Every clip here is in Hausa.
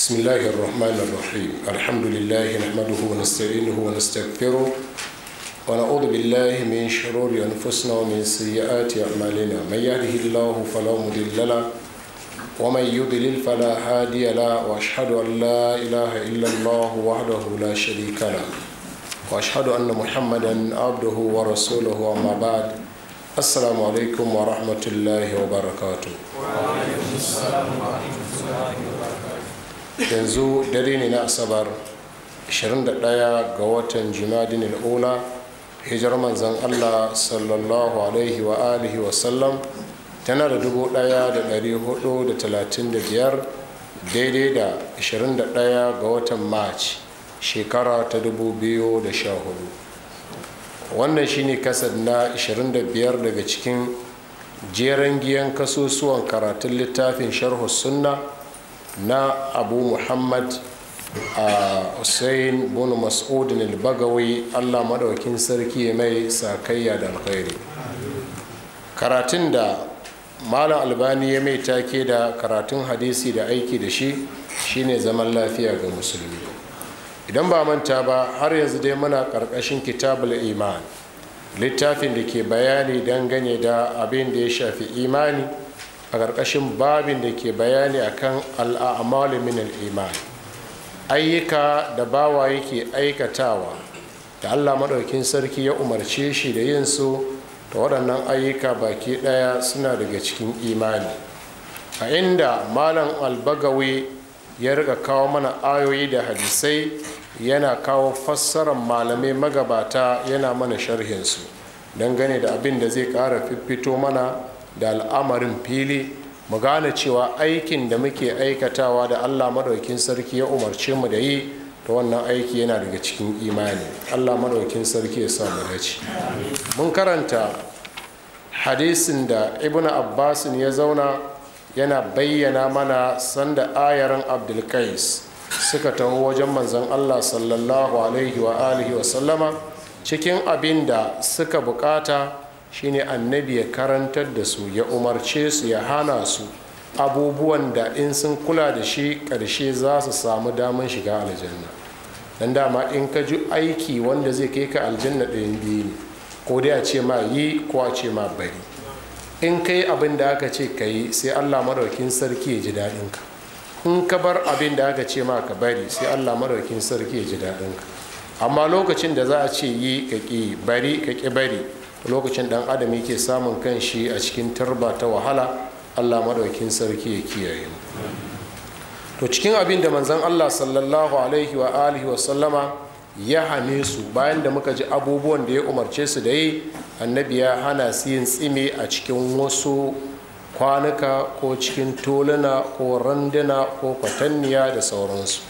بسم الله الرحمن الرحيم الحمد لله نحمده ونستعينه ونستغفره ونعوذ بالله من شرور أنفسنا ومن سيئات أعمالنا من يهده الله فلا مضل له ومن يضلل فلا هادي له وأشهد أن لا إله إلا الله وحده لا شريك له وأشهد أن محمدا عبده ورسوله أما بعد السلام عليكم ورحمة الله وبركاته وعليكم السلام ورحمة الله وبركاته yanzu dare ne na asabar 21 ga watan jimadin al'ula hijar manzan allah sallallahu alaihi wa alihi wasallam tana da 1435 daidai da 21 ga watan march shekara ta 2014 wannan shine kasar na 25 daga cikin jerangiyan giyan kasusuwan karatun littafin sharhu sunna na abu muhammad a hussein bunu mas'udin al allah maɗaukin sarki ya mai sakayya da alkhairi karatun da malam albani ya mai take da karatun hadisi da aiki da shi shine zaman lafiya ga musulmi idan ba manta ba har yanzu dai muna ƙarƙashin kitabul iman littafin da ke bayani dangane da abin da ya shafi imani a ƙarƙashin babin da ke bayani akan al'amalu min al'iman ayyuka da bawa yake aikatawa da allah maɗaukin sarki ya umarce shi da yin su da waɗannan ayyuka baki ɗaya suna daga cikin imani a inda malam albagawi ya riga kawo mana ayoyi da hadisai yana kawo fassarar malamai magabata yana mana sharhinsu dangane da abin da zai ƙara fiffito mana da al'amarin fili mu gane cewa aikin da muke aikatawa da allah madaukin sarki ya umarce mu da yi ta wannan aiki yana daga cikin imani allah madaukin sarki ya sa mu dace mun karanta hadisin da ibn abbasin ya zauna yana bayyana mana sanda ayaran abdulkais suka taho wajen manzon allah sallallahu alaihi wa alihi wa sallama cikin abin da suka bukata shine annabi ya karantar da su ya umarce su ya hana su abubuwan da in sun kula da shi ƙarshe za su samu damar shiga aljanna dan dama in ka ji aiki wanda zai kai ka aljanna ɗayan biyu ne ko dai a ce ma yi ko a ce ma bari in ka yi abin da aka ce ka yi sai allah maraukin sarki ya ji daɗin ka in ka bar abin da aka ce ma ka bari sai allah maraukin sarki ya ji daɗin ka amma lokacin da za a ce yi ka ƙi bari ka ƙi bari lokacin dan adam yake samun kanshi a cikin tarba ta wahala allah maɗaukin sarki ya kiyaye mu to cikin abin da manzan allah sallallahu alaihi wa alihi wa sallama ya hane su bayan da muka ji abubuwan da ya umarce su da yi annabi ya hana su yin tsime a cikin wasu kwanuka ko cikin toluna ko randuna ko kwatanniya da sauransu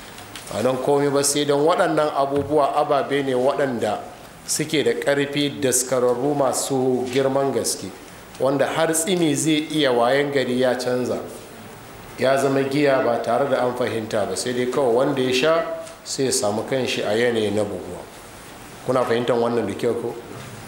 a nan komai ba sai don waɗannan abubuwa ababe ne waɗanda suke da ƙarfi daskararru masu girman gaske wanda har tsimi zai iya wayan gari ya canza ya zama giya ba tare da an fahimta ba sai dai kawai wanda ya sha sai ya samu kanshi a yanayi na buguwa kuna fahimtar wannan da kyau ko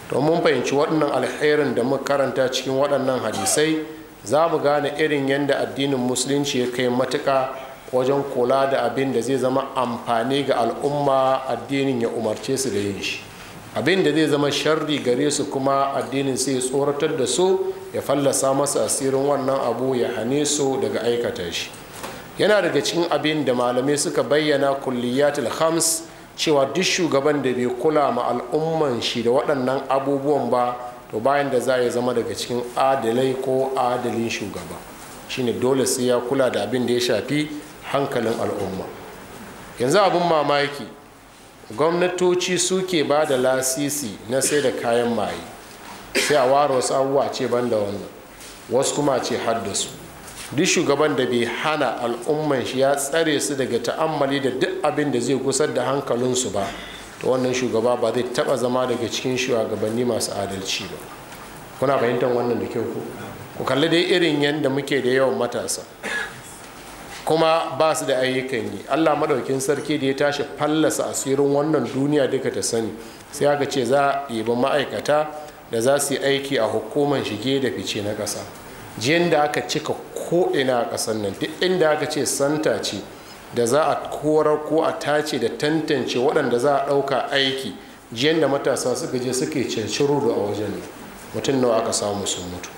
to mun fahimci waɗannan alherin da muka karanta cikin waɗannan hadisai za mu gane irin yadda addinin musulunci ya kai matuka wajen kula da abin da zai zama amfani ga al'umma addinin ya umarce su da yin shi abin da zai zama sharri gare su kuma addinin sai tsoratar da su ya fallasa masu asirin wannan abu ya hane su daga aikata shi yana daga cikin abin da malamai suka bayyana kulliyatul khams cewa duk shugaban da bai kula ma al'umman shi da waɗannan abubuwan ba to bayan da za ya zama daga cikin adalai ko adalin shugaba shine dole sai ya kula da abin da ya shafi hankalin al'umma yanzu abin mamaki gwamnatoci suke ba da lasisi na sai da kayan maye sai a ware wasu abubuwa ce ban da wannan wasu kuma ce haddasu duk shugaban da bai hana al'umman shi ya tsare su daga ta'ammali da duk abin da zai kusar da hankalinsu ba to wannan shugaba ba zai taba zama daga cikin shugabanni masu adalci ba kuna fahimtar wannan da kyau ku kalli dai irin yadda muke da yawan matasa kuma ba su da ayyukan yi allah madaukin sarki da ya tashi fallasa asirin wannan duniya duka ta sani sai aka ce za a yabi ma'aikata da za su yi aiki a hukuman shige da fice na ƙasa jiyan da aka cika ko'ina a ƙasar nan duk inda aka ce santa ce da za a korar ko a tace da tantance waɗanda za a ɗauka aiki jiyan da matasa suka je suke cancuru da a wajen mutum nawa aka samu sun mutu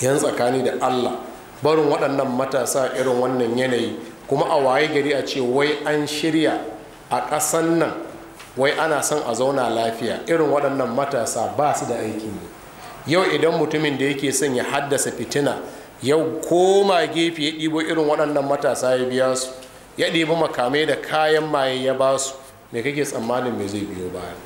yan tsakani da allah barin waɗannan matasa irin wannan yanayi kuma a waye gari a ce wai an shirya a ƙasan nan wai ana son a zauna lafiya irin waɗannan matasa ba su da aiki ne yau idan mutumin da yake son ya haddasa fitina yau koma gefe ya ɗibo irin waɗannan matasa ya biya su ya ɗibo makamai da kayan maye ya ba su me kake tsammanin me zai biyo baya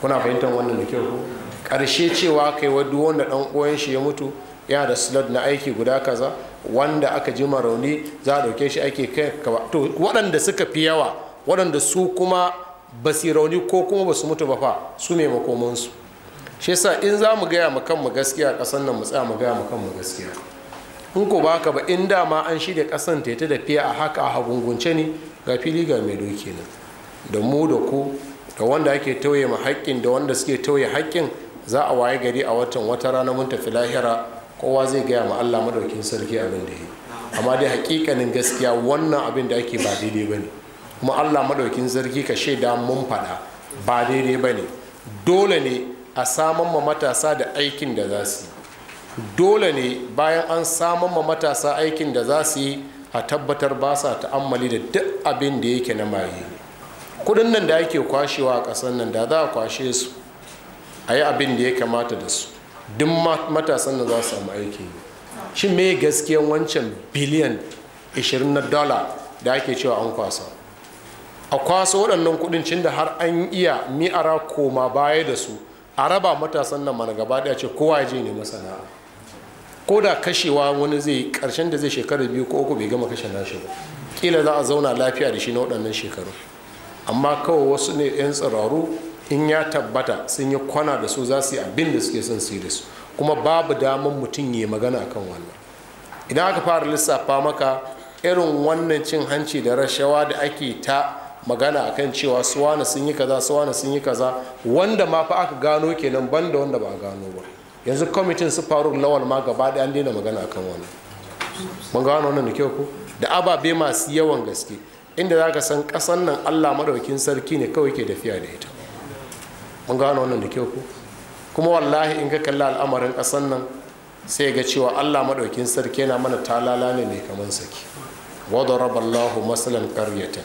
kuna fahimtar wannan da kyau ƙarshe cewa kai wa duk wanda ɗan uwan shi ya mutu ya da slot na aiki guda kaza wanda aka ji rauni za a dauke shi ake kai to waɗanda suka fi yawa waɗanda su kuma ba su rauni ko kuma ba su mutu ba fa su mai makomansu shi yasa in za mu gaya kan mu gaskiya ƙasan nan mu tsaya mu gaya kan mu gaskiya in ko ba ka ba in da ma an shirya kasan ta ta tafiya a haka a hagungunce ne ga fili ga mai doki nan da mu da ku da wanda ake tauye mu haƙƙin da wanda suke tauye haƙƙin za a waye gari a watan wata rana mun tafi lahira kowa zai gaya ma Allah madaukin sarki abin da yi amma dai hakikanin gaskiya wannan abin da ake ba daidai ba ne kuma Allah madaukin sarki ka shaida mun faɗa ba daidai ba ne dole ne a saman ma matasa da aikin da za su yi dole ne bayan an saman ma matasa aikin da za su yi a tabbatar ba sa ta'ammali da duk abin da yake na maye kudin nan da ake kwashewa a ƙasar nan da za a kwashe su a yi abin da ya kamata da su duk matasan da za su samu aiki shi me gaskiyan wancan biliyan 20 na dala da ake cewa an kwasa a kwasa waɗannan kudin cin da har an iya mi'ara koma baya da su a raba matasan nan mana gaba ɗaya ce kowa ya je ne masana'a ko da kashewa wani zai karshen da zai shekaru biyu ko uku bai gama kashe nashi ba kila za a zauna lafiya da shi na waɗannan shekaru amma kawai wasu ne 'yan tsiraru in ya tabbata sun yi kwana da su za su yi abin da suke son su yi da su kuma babu damar mutum ya magana a kan wannan idan aka fara lissafa maka irin wannan cin hanci da rashawa da ake ta magana a kan cewa suwana sun yi kaza suwana sun yi kaza wanda ma fa aka gano kenan banda wanda ba a gano ba yanzu kwamitin su faru lawal ma gaba ɗaya an daina magana a kan wannan mun gano wannan da kyau ko da ababe masu yawan gaske inda za ka san ƙasan nan allah maɗaukin sarki ne kawai ke tafiya da ita mun gano wannan da kyau ko kuma wallahi in ka kalli al'amarin ƙasan nan sai ga cewa allah maɗaukin sarki yana mana talala ne mai kaman saki wadda raballahu masalan ƙaryatan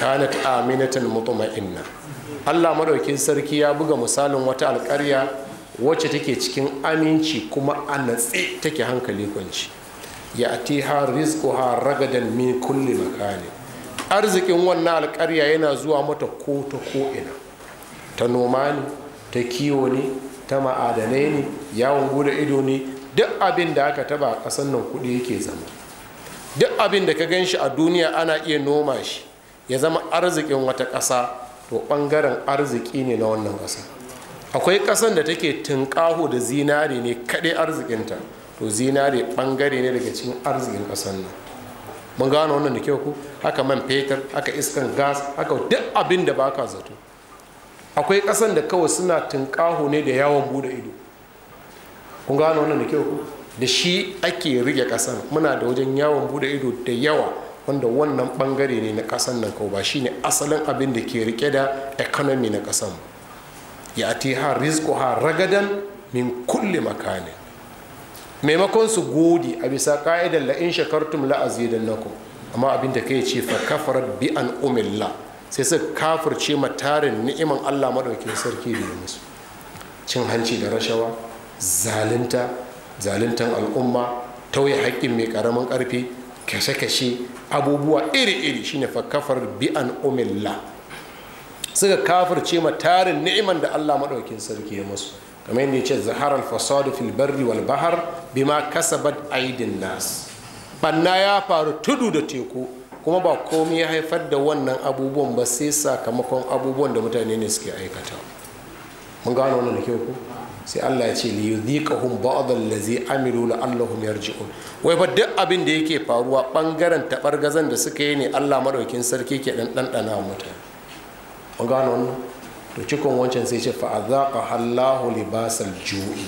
kanat aminatan mutuma'inna allah maɗaukin sarki ya buga misalin wata alƙarya wacce take cikin aminci kuma a natse take hankali kwanci ya ati ha rizko ha ragadan min kulli makani arzikin wannan alƙarya yana zuwa mata ko ta ko ina ta noma ne ta kiwo ne ta ma'adanai ne yawon bude ido ne duk abin da aka taba a ƙasan nan kuɗi yake zama duk abin da ka gan shi a duniya ana iya noma shi ya zama arzikin wata ƙasa to ɓangaren arziki ne na wannan ƙasa akwai ƙasan da take tunƙaho da zinare ne kaɗai arzikinta to zinare ɓangare ne daga cikin arzikin ƙasar nan mun gano wannan da kyau ku haka man fetur haka iskan gas haka duk abin da baka zato akwai kasan da kawai suna tunƙaho ne da yawon bude ido kun gano wannan da kyau da shi ake rike kasan muna da wajen yawon bude ido da yawa wanda wannan bangare ne na kasan nan kawai ba shine asalin abin da ke rike da economy na kasan ya ati ha risko ha ragadan min kulle makani maimakon su godi a bisa ka'idar la'in shakartun shakartum da nako amma abin da ka yi ce fa kafarar bi an umillah sai suka kafirce ma tarin ni'iman Allah maɗauki sarki da ya musu cin hanci da rashawa zalunta zaluntan al'umma tauye haƙƙin mai ƙaramin ƙarfi kashe-kashe abubuwa iri-iri shine fakafar kafar bi'an umilla suka kafirce ma tarin ni'iman da Allah maɗaukin sarki ya musu kamar yadda ya ce zaharar fasadu fil barri wal bahar bima kasabat aidin nas banna ya faru tudu da teku kuma ba komai ya haifar da wannan abubuwan ba sai sakamakon abubuwan da mutane ne suke aikata mun gano wannan da kyau ku sai Allah ya ce li yudhiqahum ba'd allazi amilu la'allahum yarji'un wai ba duk abin da yake faruwa bangaren tabargazan da suka yi ne Allah madaukin sarki ke dan wa mutane mun gano wannan to cikon wancan sai ce fa azaqa Allahu libasal ju'i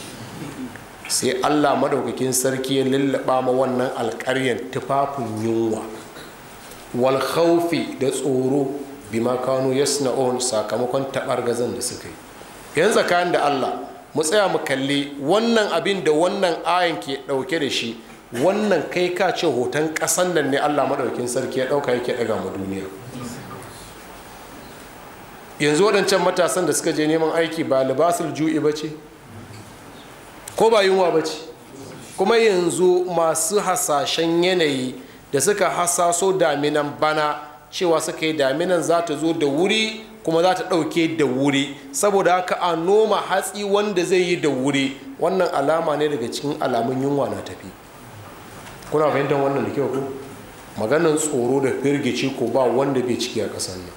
sai Allah madaukakin sarki ya lullaba ma wannan alƙaryan tufafin yunwa Walhaufi da tsoro bima ya yasna'un sakamakon gazan da suka yi yanzu tsakanin da Allah mu tsaya mu kalli wannan abin da wannan ayan ke dauke da shi wannan kai ka ce hoton kasan nan ne Allah madaukin sarki ya dauka yake daga mu duniya yanzu waɗancan matasan da suka je neman aiki ba libasul ju'i ba ce ko ba yunwa ba ce kuma yanzu masu hasashen yanayi da suka hasaso daminan bana cewa suka yi daminan za ta zo da wuri kuma za ta ɗauke da wuri saboda haka a noma hatsi wanda zai yi da wuri wannan alama ne daga cikin alamun yunwa na tafi kuna fahimtar wannan da kyau ku maganin tsoro da firgici ko ba wanda bai ciki a ƙasar nan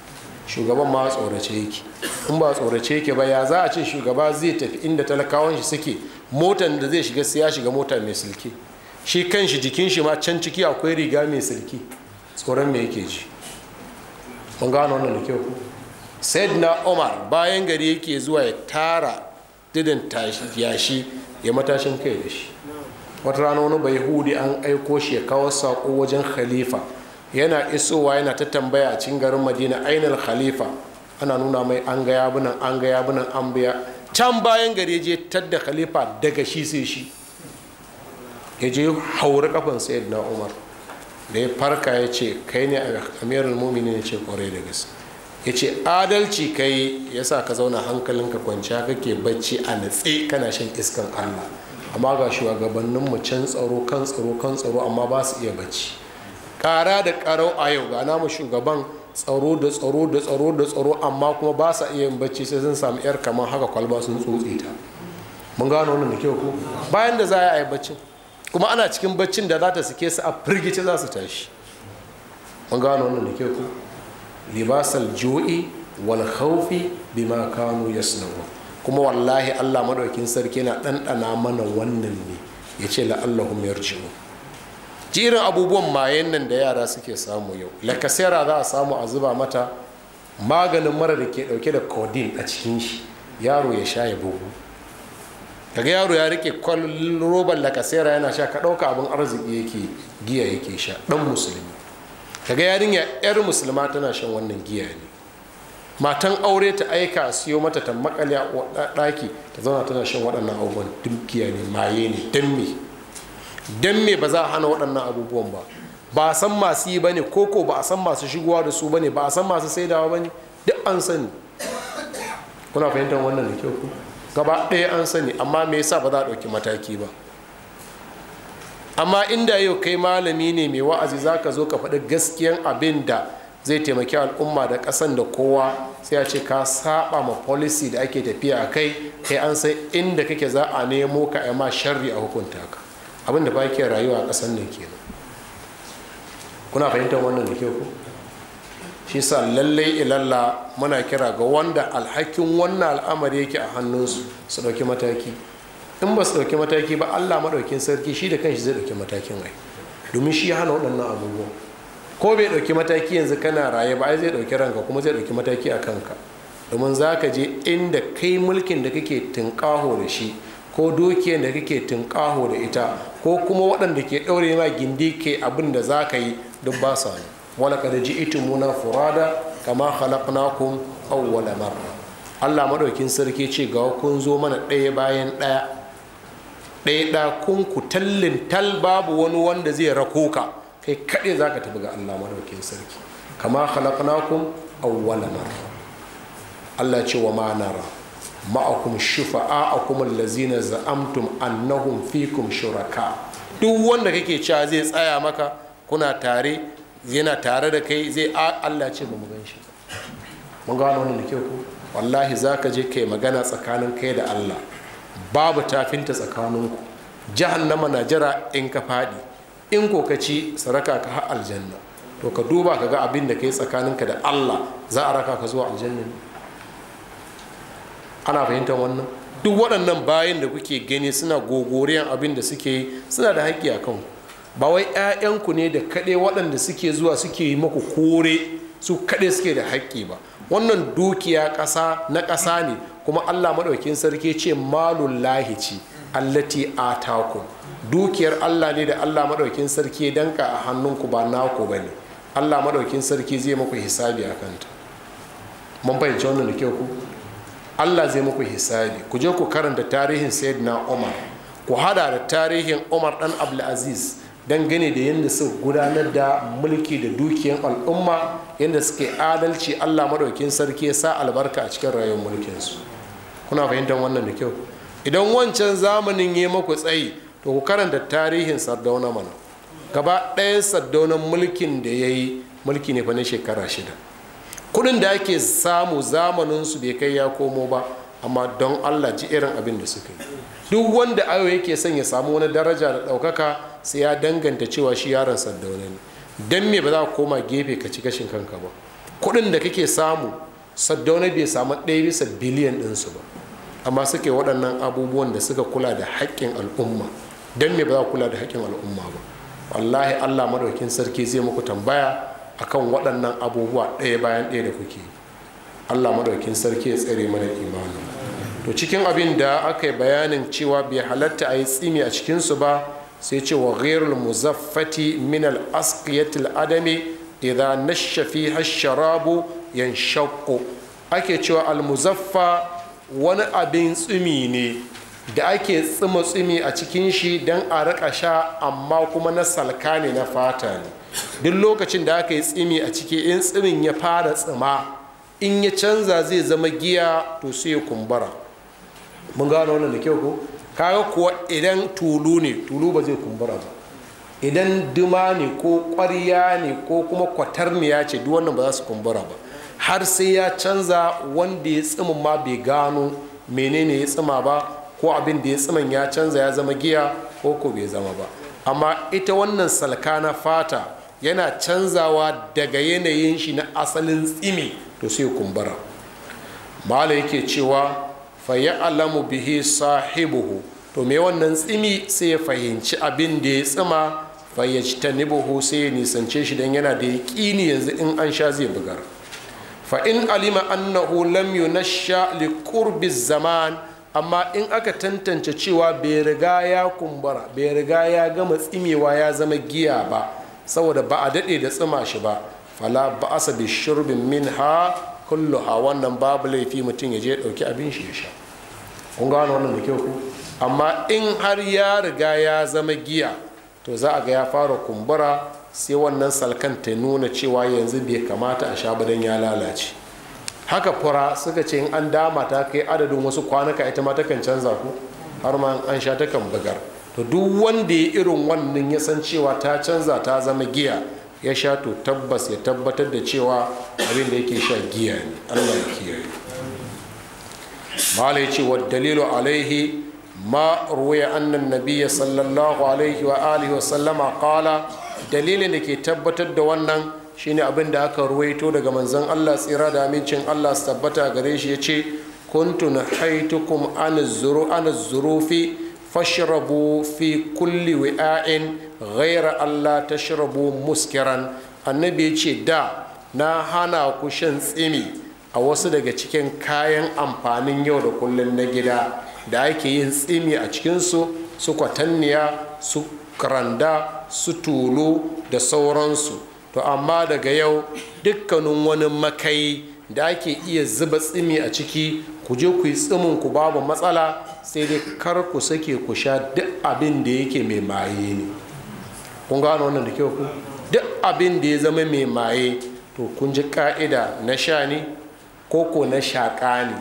shugaban ma tsorace yake in ba tsorace yake ba ya za a ce shugaba zai tafi inda talakawan shi suke motan da zai shiga sai ya shiga mota mai silke shi kan shi jikin shi ma can ciki akwai riga mai silki tsoron me yake ji kun gano wannan da kyau Said na omar bayan gari yake zuwa ya tara didin yashi ya matashin kai da shi wata rana wani bai hudi an aiko shi ya kawo saƙo wajen khalifa yana isowa yana ta tambaya a cikin garin madina ainihin khalifa ana nuna mai an ga yabunan an ga yabunan an biya can bayan gari je tadda khalifa daga shi sai shi ya je hauri kafan na umar da ya farka ya ce kai ne amirul mumini ya ce kwarai da gaske ya ce adalci kai ya sa ka zauna hankalinka kwanciya kake bacci a natse kana shan iskan allah amma ga mu can tsaro kan tsaro kan tsaro amma ba su iya bacci kara da karau a yau ga namu shugaban tsaro da tsaro da tsaro da tsaro amma kuma ba sa iya bacci sai sun samu yar kamar haka kwalba sun tsotse ta mun gano wannan da kyau ko bayan da za a yi baccin kuma ana cikin baccin da za ta sike su a firgice za su tashi mun gano wannan da ke ku libasal jo'i wal khawfi bima kanu yasnabu kuma wallahi Allah madaukin sarki na ɗanɗana mana wannan ne ya ce la'allahum yarji'u jirin abubuwan mayen nan da yara suke samu yau lakasera za a samu a zuba mata maganin mara da ke dauke da codeine a cikin shi yaro ya sha ya bugu kaga yaro ya rike kwallon roban lakasera yana sha ka ɗauka abin arziki yake giya yake sha ɗan musulmi kaga yarinya yar musulma tana shan wannan giya ne matan aure ta aika siyo mata ta makale a ɗaki ta zauna tana shan waɗannan abubuwan duk giya ne maye ne dan me dan me ba za a hana waɗannan abubuwan ba ba a san masu yi bane koko ba a san masu shigowa da su bane ba a san masu saidawa bane duk an sani kuna fahimtar wannan da kyau ku gaba ɗaya an sani amma me yasa ba za a ɗauki mataki ba amma inda yau kai malami ne mai wa'azi za ka zo ka faɗi gaskiyan abin da zai taimaki al'umma da ƙasan da kowa sai a ce ka saba ma policy da ake tafiya a kai kai an san inda kake za a nemo ka ma sharri a hukunta ka abin da ba ke rayuwa a ƙasan nan kenan kuna fahimtar wannan da kyau ko shi sa lallai ilalla muna kira ga wanda alhakin wannan al'amari yake a hannunsu su ɗauki mataki in ba su ɗauki mataki ba allah maɗaukin sarki shi da kanshi zai ɗauki matakin ai domin shi hana waɗannan abubuwa ko bai ɗauki mataki yanzu kana raye ba ai zai ɗauki ranka kuma zai ɗauki mataki a kanka domin za ka je inda kai mulkin da kake tunƙaho da shi ko dukiyar da kake tunƙaho da ita ko kuma waɗanda ke ɗaure ma gindi ke abin da za ka yi duk ba su ne wala kad ji'tumuna furada kama khalaqnakum awwala marra Allah madaukin sarki ce ga kun zo mana ɗaya bayan ɗaya ɗaya kun ku tallin tal babu wani wanda zai rako ka kai kaɗai za ka tafi ga Allah madaukin sarki kama khalaqnakum awwala marra Allah ce wa ma nara ma'akum shufa'a'akum allazina za'amtum annahum fikum shuraka duk wanda kake cewa zai tsaya maka kuna tare yana tare da kai zai a Allah ce ba mu gan shi mun ga wannan da kyau ko wallahi zaka je kai magana tsakanin kai da Allah babu tafinta tsakaninku jahannama na jira in ka fadi in ko ka ci saraka ka har aljanna to ka duba ka ga abin da kai tsakaninka da Allah za a raka ka zuwa aljanna ana fahimtar wannan duk waɗannan bayan da kuke gani suna gogoriyan abin da suke yi suna da haƙƙi a kanku ba wai 'ya'yanku ne da kaɗai waɗanda suke zuwa suke yi maku kore su kaɗai suke da haƙƙi ba wannan dukiya ƙasa na ƙasa ne kuma allah maɗaukin sarki ce malun lahici allati atakum dukiyar allah ne da allah maɗaukin sarki danka a hannunku ba naku ba ne allah maɗaukin sarki zai muku hisabi a kanta mun fahimci wannan da kyau ku allah zai muku hisabi ku je ku karanta tarihin sayyidina umar ku hada da tarihin umar dan abdulaziz dangane da yadda suka gudanar da mulki da dukiyar al'umma yadda suke adalci allah maɗaukin sarki ya sa albarka a cikin rayuwar mulkinsu kuna fahimtar wannan da kyau idan wancan zamanin ya maku tsayi to ku karanta tarihin sardauna mana gaba ɗaya sardaunan mulkin da ya yi mulki ne fa na shekara shida kuɗin da ake samu zamaninsu bai kai ya komo ba amma don allah ji irin abin da suka yi duk wanda ayo yake son ya samu wani daraja da ɗaukaka sai ya danganta cewa shi yaron sardauna ne don me ba za ka koma gefe ka ci gashin kanka ba kuɗin da kake samu sardauna bai samu ɗaya bisa biliyan ɗinsu ba amma suke waɗannan abubuwan da suka kula da haƙƙin al'umma don me ba za kula da haƙƙin al'umma ba wallahi allah maɗaukin sarki zai muku tambaya akan waɗannan abubuwa ɗaya bayan ɗaya da kuke allah maɗaukin sarki ya tsare mana imanin to cikin abin da aka yi bayanin cewa bai halatta a yi tsimi a cikinsu ba sai ce wa ghairul muzaffati min al asqiyatil adami idza nashsha fi hasharabu yanshaqqu ake cewa al muzaffa wani abin tsimi ne da ake tsima tsimi a cikin shi don a rika sha amma kuma na salka ne na fata ne duk lokacin da aka yi tsimi a ciki in tsimin ya fara tsima in ya canza zai zama giya to sai ya kumbura mun gano wannan da kyau ko kaga kuwa idan tulu ne tulu ba zai kumbura ba idan duma ne ko ƙwarya ne ko kuma kwatar ne ya ce duk wannan ba za su kumbura ba har sai ya canza wanda ya tsimin ma bai gano menene ya tsima ba ko abin da ya tsiman ya canza ya zama giya ko ko bai zama ba amma ita wannan salka na fata yana canzawa daga yanayin shi na asalin tsimi to sai kumbura mala yake cewa fa alamu bihi sahibuhu to me wannan tsimi sai ya fahimci abin da ya tsima ta nibuhu sai ya nisance shi don yana da yaƙini yanzu in an sha zai bugar fa in alima annahu lam yunashsha li qurbi zaman amma in aka tantance cewa bai riga ya kumbura bai riga ya gama tsimewa ya zama giya ba saboda ba a daɗe da tsima shi ba fala ba asa bi shirbin minha kulluha wannan babu laifi mutum ya je ɗauki abin shi ya sha kun gano wannan da kyau ku amma in har ya riga ya zama giya to za a ga ya fara kumbura sai wannan salkan ta nuna cewa yanzu bai kamata a sha badan ya lalace haka fura suka ce in an dama ta kai adadin wasu kwanuka ita ma takan canza ku har ma an sha takan bugar to duk wanda ya irin wannan ya san cewa ta canza ta zama giya ya sha to tabbas ya tabbatar da cewa abin da yake sha giya ne allah ya kiyaye malai ce wa dalilu alaihi ma ruwaya annan nabiya sallallahu alaihi wa alihi wa sallama kala dalilin da ke tabbatar da wannan shine abin da aka ruwaito daga manzon Allah tsira da amincin Allah su tabbata gare shi ya ce kuntu nahaitukum an zuru an zurufi fashrabu fi kulli wi'ain ghaira Allah tashrabu muskiran annabi ya ce da na hana ku shan tsimi a wasu daga cikin kayan amfanin yau da kullum na gida da ake yin tsimi a cikinsu su kwatanniya su karanda su tulu da sauransu to amma daga yau dukkanin wani makai da ake iya zuba tsimi a ciki ku je ku yi tsimin ku babu matsala sai dai kar ku sake ku sha duk abin da yake mai maye ne kun gano wannan da kyau ku duk abin da ya zama mai maye to kun ji ka'ida na sha ne ko ko na shaƙa ne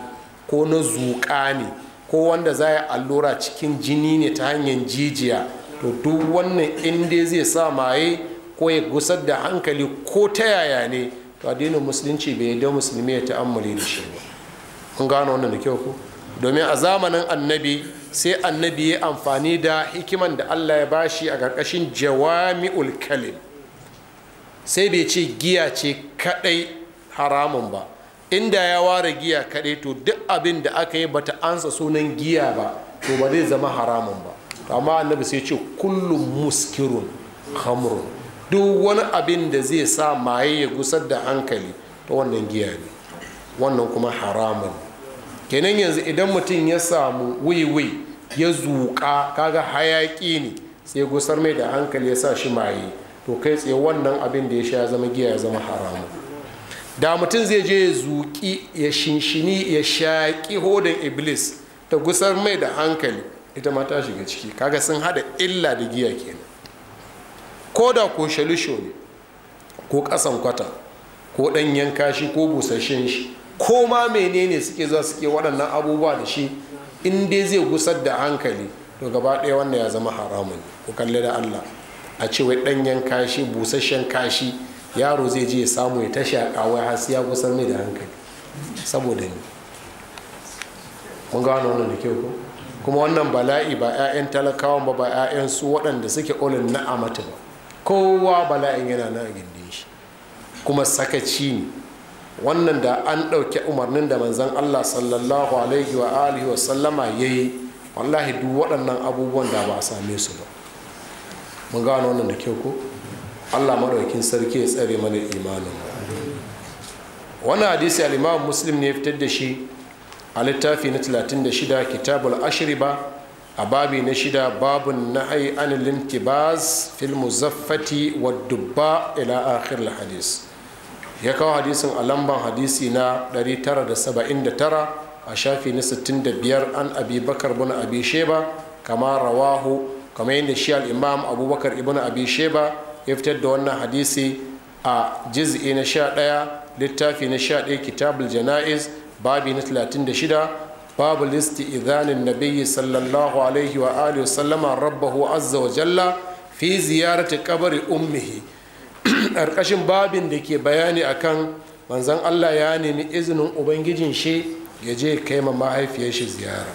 ko na zuƙa ne ko wanda za a allura cikin jini ne ta hanyar jijiya to duk wannan inda zai sa maye ko ya gusar da hankali ko ta yaya ne to addinin musulunci bai yadda musulmi ya ta'ammali da shi ba an gano wannan da kyau ko domin a zamanin annabi sai annabi ya amfani da hikiman da allah ya bashi a ƙarƙashin jawami'ul kalim sai bai ce giya ce kaɗai haramun ba inda ya ware giya kaɗai to duk abin da aka yi bata ansa sunan giya ba to ba zai zama haramun ba amma annabi sai ce kullum muskirun hamrun duk wani abin da zai sa maye ya gusar da hankali to wannan giya ne wannan kuma haramun kenan yanzu idan mutum ya samu wiwi ya zuƙa kaga hayaƙi ne sai gusar mai da hankali ya sa shi maye to kai tsaye wannan abin da ya sha zama giya ya zama haramun da mutum zai je ya ya shinshini ya shaƙi hodin iblis ta gusar mai da hankali ita mata shiga ciki kaga sun hada illa da giya kenan ko da ko shalisho ne ko kasan kwata ko ɗanyen kashi ko busasshen shi ko ma menene suke za suke waɗannan abubuwa da shi in dai zai gusar da hankali to gaba ɗaya wannan ya zama haramun ku kalli da allah a ce wai ɗanyen kashi busasshen kashi yaro zai je ya samu ya tashi a kawai har sai ya kusan mai da hankali saboda ni mun ga wannan da kyau kuma wannan bala'i ba 'ya'yan talakawan ba ba 'ya'yan su waɗanda suke ƙolin mata ba kowa bala'in yana na a gindin shi kuma sakaci ne wannan da an ɗauki umarnin da manzan allah sallallahu alaihi wa alihi wa sallama ya yi wallahi duk waɗannan abubuwan da ba a same su ba mun gano wannan da kyau ko allah maɗaukin sarki ya tsare mana imanin wani hadisi al'imam muslim ne ya fitar da shi a littafi na 36 kitabul ashiri ba a babi na shida babu na'ai an lintibaz filmu zaffati wa dubba ila akhir hadis ya kawo hadisin a lamban hadisi na 979 a shafi na 65 an abi bakar bin abi sheba kama rawahu kamar yadda shi al'imam abubakar ibn abi sheba ya fitar da wannan hadisi a jiz'i na sha ɗaya littafi na sha ɗaya kitabul jana'iz babi na talatin da shida babu listi izanin nabiyyi sallallahu alaihi wa alihi sallama rabbahu azza wa jalla fi ziyarati kabari ummihi ƙarƙashin babin da ke bayani akan manzon allah ya nemi izinin ubangijin shi ya je kai ma mahaifiyar shi ziyara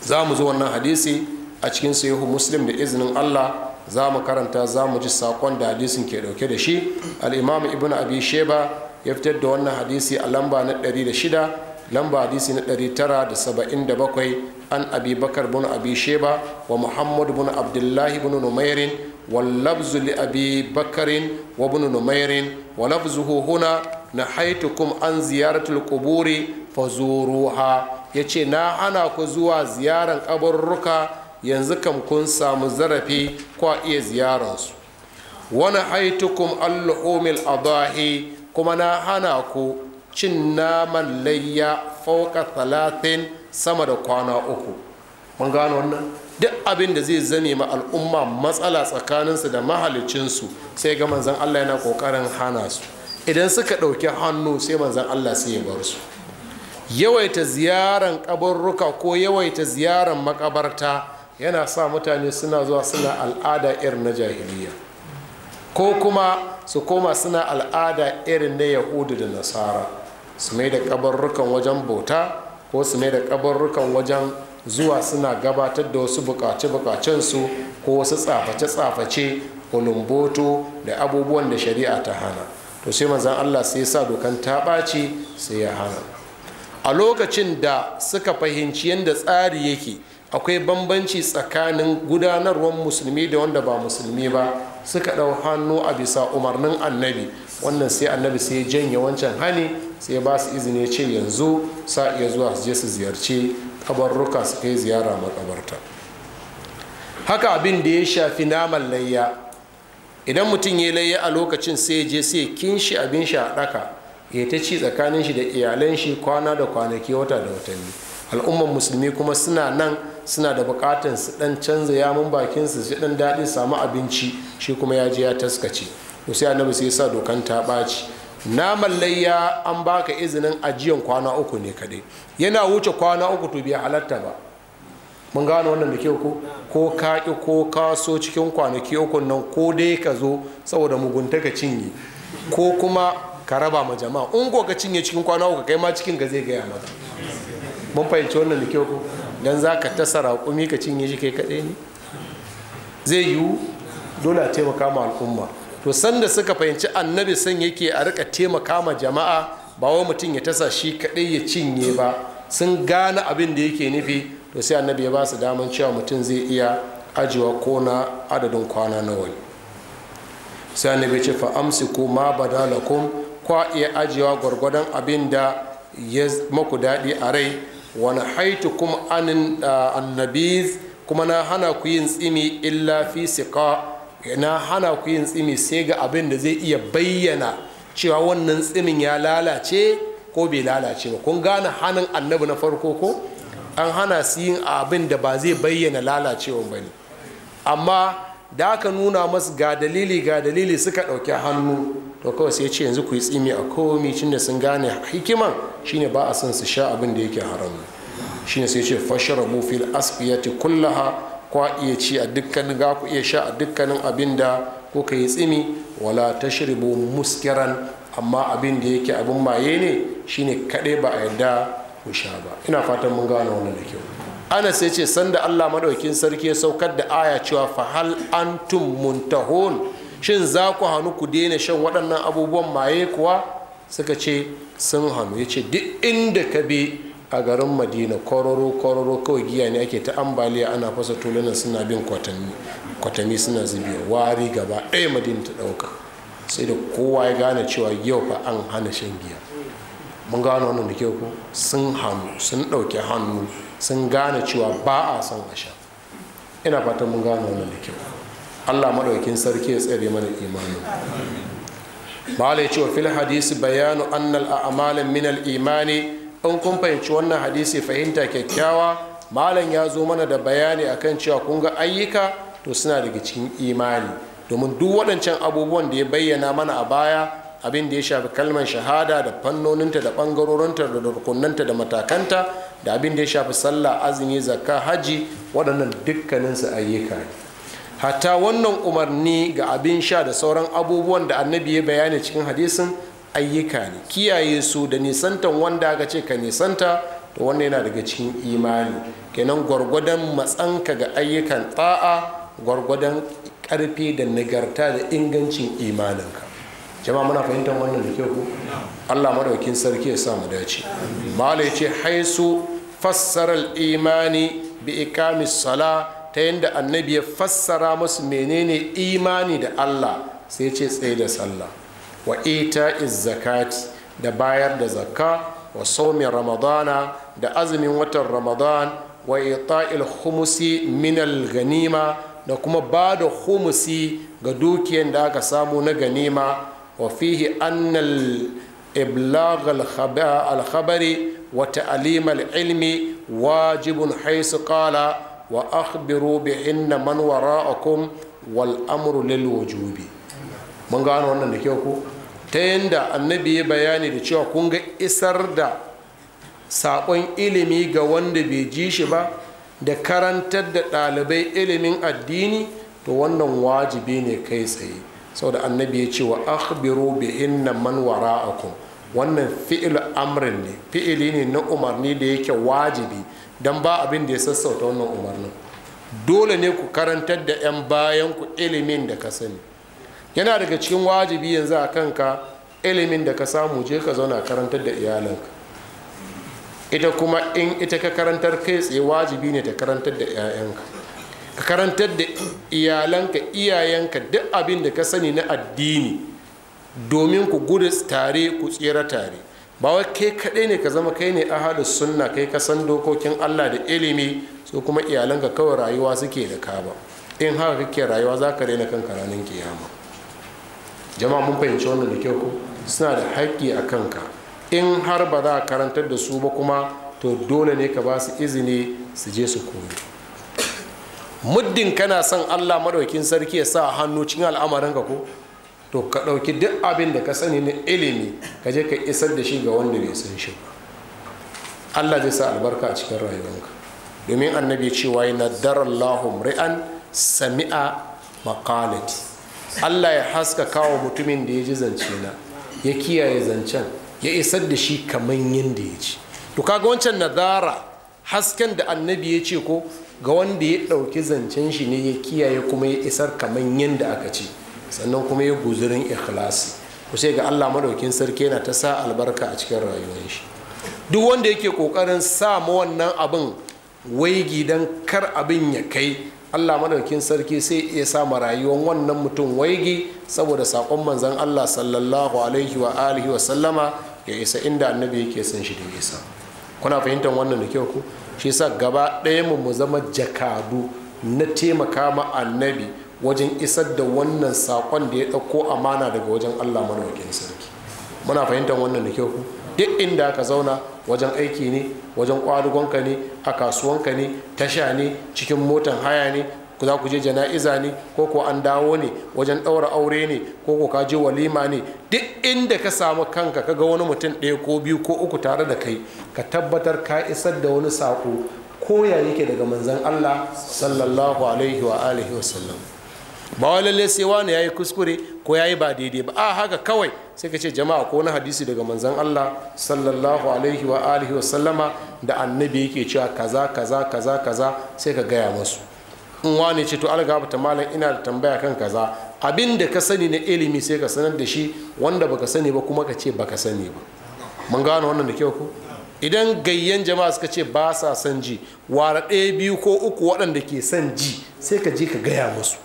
za mu zo wannan hadisi a cikin sahihu muslim da izinin allah za mu karanta za mu ji sakon da hadisin ke dauke da shi al'imam ibn abi sheba ya fitar da wannan hadisi a lamba na 106 lamba hadisi na 977 an abi bakar bin abi sheba wa Muhammadu bin abdullahi bin numairin واللفظ لأبي بكر وابن na ولفظه an نحيتكم عن fa القبور ya na na ku zuwa zuwa ziyaran ركا yanzu kam kun samu zarafi kwa iya su wani haitukum a adahi kuma na hana ku cin naman layya fauka talatin sama da kwana uku mun gano wannan duk abin da zai zame ma al'umma matsala tsakaninsu da mahalicinsu sai ga manzan allah yana kokarin hana su idan suka ɗauki hannu sai manzan allah sai ya bar su yawaita ziyaran kaburruka ko yawaita ziyaran makabarta yana sa mutane suna zuwa suna al'ada irin na jahiliya ko kuma su koma suna al'ada irin na yahudu da nasara su mai da kabarrukan wajen bauta ko su mai da kabarrukan wajen zuwa suna gabatar da wasu bukace-bukacensu ko wasu tsaface-tsaface kulumboto da abubuwan da shari'a ta hana to sai manzan allah sai sa dokan ta ɓaci sai ya hana a lokacin da suka fahimci yadda tsari yake akwai bambanci tsakanin gudanarwar musulmi da wanda ba musulmi ba suka ɗau hannu a bisa umarnin annabi wannan sai annabi sai janye wancan hani sai ba su izini ce yanzu sa iya zuwa su je su ziyarci kabarruka su kai ziyara makabarta haka abin da ya shafi naman layya idan mutum ya layya a lokacin sai je sai kinshi abin shi a ɗaka ya ta ci tsakanin shi da iyalan shi kwana da kwanaki wata da watanni al'umman musulmi kuma suna nan suna da bukatan su dan canza yamun bakin su ji dan daɗi samu abinci shi kuma ya je ya taskace to sai annabi sai sa dokan ta ɓaci naman layya an baka izinin ajiyan kwana uku ne kadai yana wuce kwana uku to bai halatta ba mun gano wannan da ke ko ko ki ko kaso cikin kwanaki uku nan ko dai ka zo saboda mugunta ka cinye ko kuma ka raba ma jama'a in ko ka cinye cikin kwana uku kai ma cikin ka zai gaya maka mun fahimci wannan da kyau ko dan za ka tasa raƙumi ka cinye shi kai kaɗai ne zai yiwu dole a taimaka ma al'umma to sanda suka fahimci annabi san yake a rika taimaka ma jama'a ba wa mutum ya tasa shi kaɗai ya cinye ba sun gane abin da yake nufi to sai annabi ya ba su daman cewa mutum zai iya ajiyewa ko na adadin kwana nawa sai annabi ya ce fa ko ma badalakum kwa iya ajiwa gwargwadon abin da ya maku daɗi a rai wani haitu kuma anin annabi kuma na hana ku yin tsimi illa fi siqa na hana ku yin tsimi sai ga abin da zai iya bayyana cewa wannan tsimin ya lalace ko bai lalace ba kun gane hannun annabi na farko ko an hana su yin abin da ba zai bayyana lalacewa ba ne amma da aka nuna masu ga dalili ga dalili suka ɗauki hannu to kawai sai ce yanzu ku yi tsimi a komi cin da sun gane hikiman shine ba a san su sha abin da yake haram shine sai ce fashara fil asfiyati kullaha kwa iya ci a dukkanin ga ku iya sha a dukkanin abin da ka yi tsimi wala tashribu muskiran amma abin da yake abin maye ne shine kadai ba a yadda ku sha ba ina fatan mun gane wannan da kyau ana sai ce sanda Allah madaukin sarki ya saukar da aya cewa fa hal antum muntahun shin za ku hannu ku daina shan waɗannan abubuwan maye kuwa suka ce sun hannu ya ce duk inda ka bi a garin madina kororo kororo kawai giya ne ake ta ambaliya ana fasa tulunan suna bin kwatanni kwatanni suna zubi wari gaba ɗaya madina ta ɗauka sai da kowa ya gane cewa yau fa an hana shan giya mun gano wannan da kyau ku sun hannu sun ɗauki hannu sun gane cewa ba a son a sha ina fatan mun gano wannan da kyau allah maɗaukin sarki ya tsere mana imanin malai ya ce wa fil hadisi bayanu annal a'mala min al imani in kun fahimci wannan hadisi fahimta kyakkyawa malam ya zo mana da bayani akan cewa kun ga ayyuka to suna daga cikin imani domin duk waɗancan abubuwan da ya bayyana mana a baya abin da ya shafi kalmar shahada da fannoninta da ɓangarorinta da rukunanta da matakanta da abin da ya shafi sallah azumi zakka haji waɗannan dukkaninsu ayyuka ne hatta wannan umarni ga abin sha da sauran abubuwan da annabi ya bayani cikin hadisin ayyuka ne kiyaye su da nisantan wanda aka ce ka nisanta to wanda yana daga cikin imani kenan gwargwadon matsanka ga ayyukan ta'a gwargwadon karfi da nagarta da ingancin imaninka jama'a muna fahimtar wannan da kyau Allah madaukin sarki ya sa mu dace mala ya ce haisu fassarar imani bi ikamis sala ta yadda annabi ya fassara musu menene imani da allah sai ce tsaye da sallah wa ita zakati da bayar da zakka wa saumin ramadana da azumin watan ramadan wa ita'il humusi minal ganima da kuma ba da humusi ga dukiyan da aka samu na ganima wa fihi annal iblag alhabari khabari wa ta'lim al-ilmi haisu kala wa akhbiru bi inna man wara'akum wal amru lil wujubi mun gano wannan da kyau ko ta yanda annabi ya bayani da cewa kun ga isar da saƙon ilimi ga wanda bai ji shi ba da karantar da ɗalibai ilimin addini to wannan wajibi ne kai tsaye saboda annabi ya ce wa akhbiru bi inna man wara'akum wannan fi'il amrin ne fi'ili ne na umarni da yake wajibi don ba abin da ya sassauta wannan umarnin dole ne ku karantar da 'yan bayan ku ilimin da ka sani yana daga cikin wajibi yanzu a kanka ilimin da ka samu je ka zauna karantar da iyalanka ita kuma in ita ka karantar kai tsaye wajibi ne ta karantar da 'ya'yanka ka karantar da iyalanka iyayenka duk abin da ka sani na addini domin ku gudu tare ku tsira tare ba wai kai kaɗai ne ka zama kai ne ahalus sunna kai ka san dokokin allah da ilimi su kuma iyalanka kawai rayuwa suke da ka ba in haka kake rayuwa za ka daina kanka ranar kiyama jama'a mun fahimci wannan da kyau ko suna da haƙƙi a kanka in har ba za a karantar da su ba kuma to dole ne ka ba su izini su je su koyi muddin kana son allah maɗaukin sarki ya sa hannu cikin al'amarinka ko to ka ɗauki duk abin da ka sani na ilimi ka je ka isar da shi ga wanda bai san shi ba Allah zai sa albarka a cikin rayuwanka domin annabi cewa yana darallahu ri'an sami'a maqalat Allah ya haska kawo mutumin da ya ji zance na ya kiyaye zancen ya isar da shi kamar yanda ya ci to kaga wancan nazara hasken da annabi ya ce ko ga wanda ya ɗauki zancen shi ne ya kiyaye kuma ya isar kamar yanda aka ce sannan kuma ya guzurin ikhlasi ku sai ga Allah maɗaukin sarki yana ta sa albarka a cikin rayuwar shi duk wanda yake kokarin sa ma wannan abin waigi dan kar abin ya kai Allah maɗaukin sarki sai ya sa ma rayuwar wannan mutum waigi saboda sakon manzon Allah sallallahu alaihi wa alihi wa sallama ya isa inda annabi yake son shi da isa kuna fahimtar wannan da kyau ku shi sa gaba ɗaya mu mu zama jakadu na taimaka ma annabi wajen isar da wannan sakon da ya ɗauko amana daga wajen allah manawakin sarki muna fahimtar wannan da kyau duk inda ka zauna wajen aiki ne wajen kwadugonka ne a kasuwanka ne tasha ne cikin motan haya ne za ku je jana'iza ne ko ko an dawo ne wajen ɗaura aure ne ko ko ka je walima ne duk inda ka samu kanka ka ga wani mutum ɗaya ko biyu ko uku tare da kai ka tabbatar ka isar da wani saƙo ko ya yake daga manzan Allah sallallahu alaihi wa alihi wa ba wai lalle sai wani yayi kuskure ko yayi ba daidai ba a haka kawai sai ka ce jama'a ko na hadisi daga manzon Allah sallallahu alaihi wa alihi wa sallama da annabi yake cewa kaza kaza kaza kaza sai ka gaya musu in wani ce to algaba ta malam ina da tambaya kan kaza abin da ka sani na ilimi sai ka sanar da shi wanda baka sani ba kuma ka ce baka sani ba mun gano wannan da kyau ko idan gayyan jama'a suka ce ba sa son ji wara ɗaya biyu ko uku waɗanda ke san ji sai ka je ka gaya musu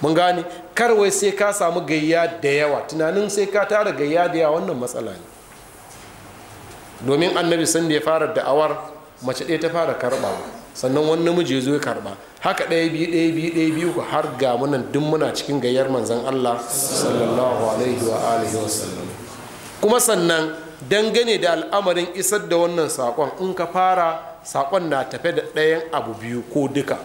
mun gane karwai sai ka samu gayya da yawa tunanin sai ka tara gayya da yawa wannan matsala ne domin annabi sun da ya fara da'awar mace ɗaya ta fara karɓa sannan wani namiji ya zo ya karɓa haka ɗaya biyu ɗaya biyu ɗaya biyu ku har ga munan duk muna cikin gayyar manzan Allah sallallahu alaihi wa alihi wa sallam kuma sannan dangane da al'amarin isar da wannan sakon in ka fara sakon na tafe da ɗayan abu biyu ko duka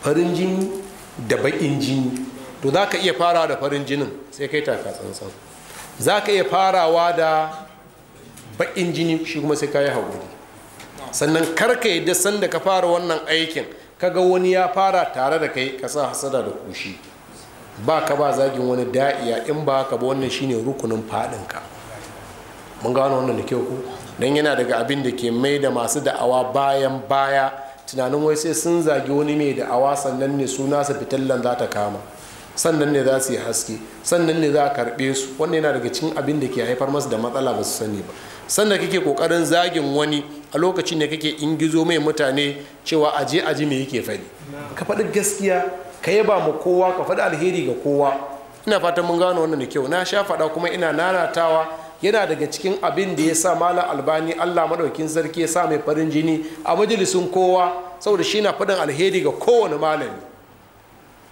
farin jini da baƙin jini to za ka iya farawa da farin jinin sai kai taka tsantsan za ka iya farawa da baƙin jini shi kuma sai ka yi haƙuri sannan karka yadda sanda ka fara wannan aikin kaga wani ya fara tare da kai ka sa hasada da kushi ba ka ba zagin wani da'iya in ba ka ba wannan shine rukunin faɗinka mun gano wannan da kyau ku don yana daga abin da ke mai da masu da'awa bayan baya tunanin wai sai sun zagi wani mai da awa sannan ne suna su fitillan za ta kama sannan ne za su yi haske sannan ne za a karɓe su wannan yana daga cikin abin da ke haifar masu da matsala ba su sani ba sannan kake kokarin zagin wani a lokacin da kake ingizo mai mutane cewa aje aji me yake faɗi ka faɗi gaskiya ka yaba ma kowa ka faɗi alheri ga kowa ina fatan mun gano wannan da kyau na sha faɗa kuma ina nanatawa yana daga cikin abin da ya sa malam albani allah maɗaukin sarki ya sa mai farin jini a majalisun kowa saboda shi na faɗin alheri ga kowane malami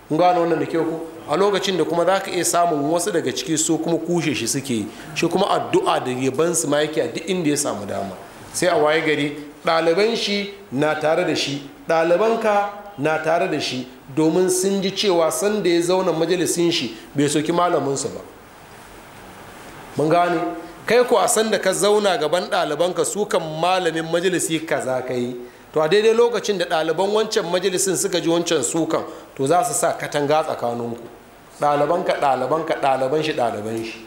kun gano wannan da kyau ku a lokacin da kuma za ka iya samun wasu daga ciki su kuma kushe shi suke shi kuma addu'a da yaban su ma yake a duk inda ya samu dama sai a waye gari ɗaliban shi na tare da shi ɗalibanka na tare da shi domin sun ji cewa sanda ya zauna majalisin shi bai soki su ba mun gane kai ko a san da ka zauna gaban ɗalibanka su kan malamin majalisi kaza ka yi to a daidai lokacin da ɗaliban wancan majalisin suka ji wancan sukan to za su sa katanga tsakaninku ɗalibanka ɗalibanka ɗaliban shi ɗaliban shi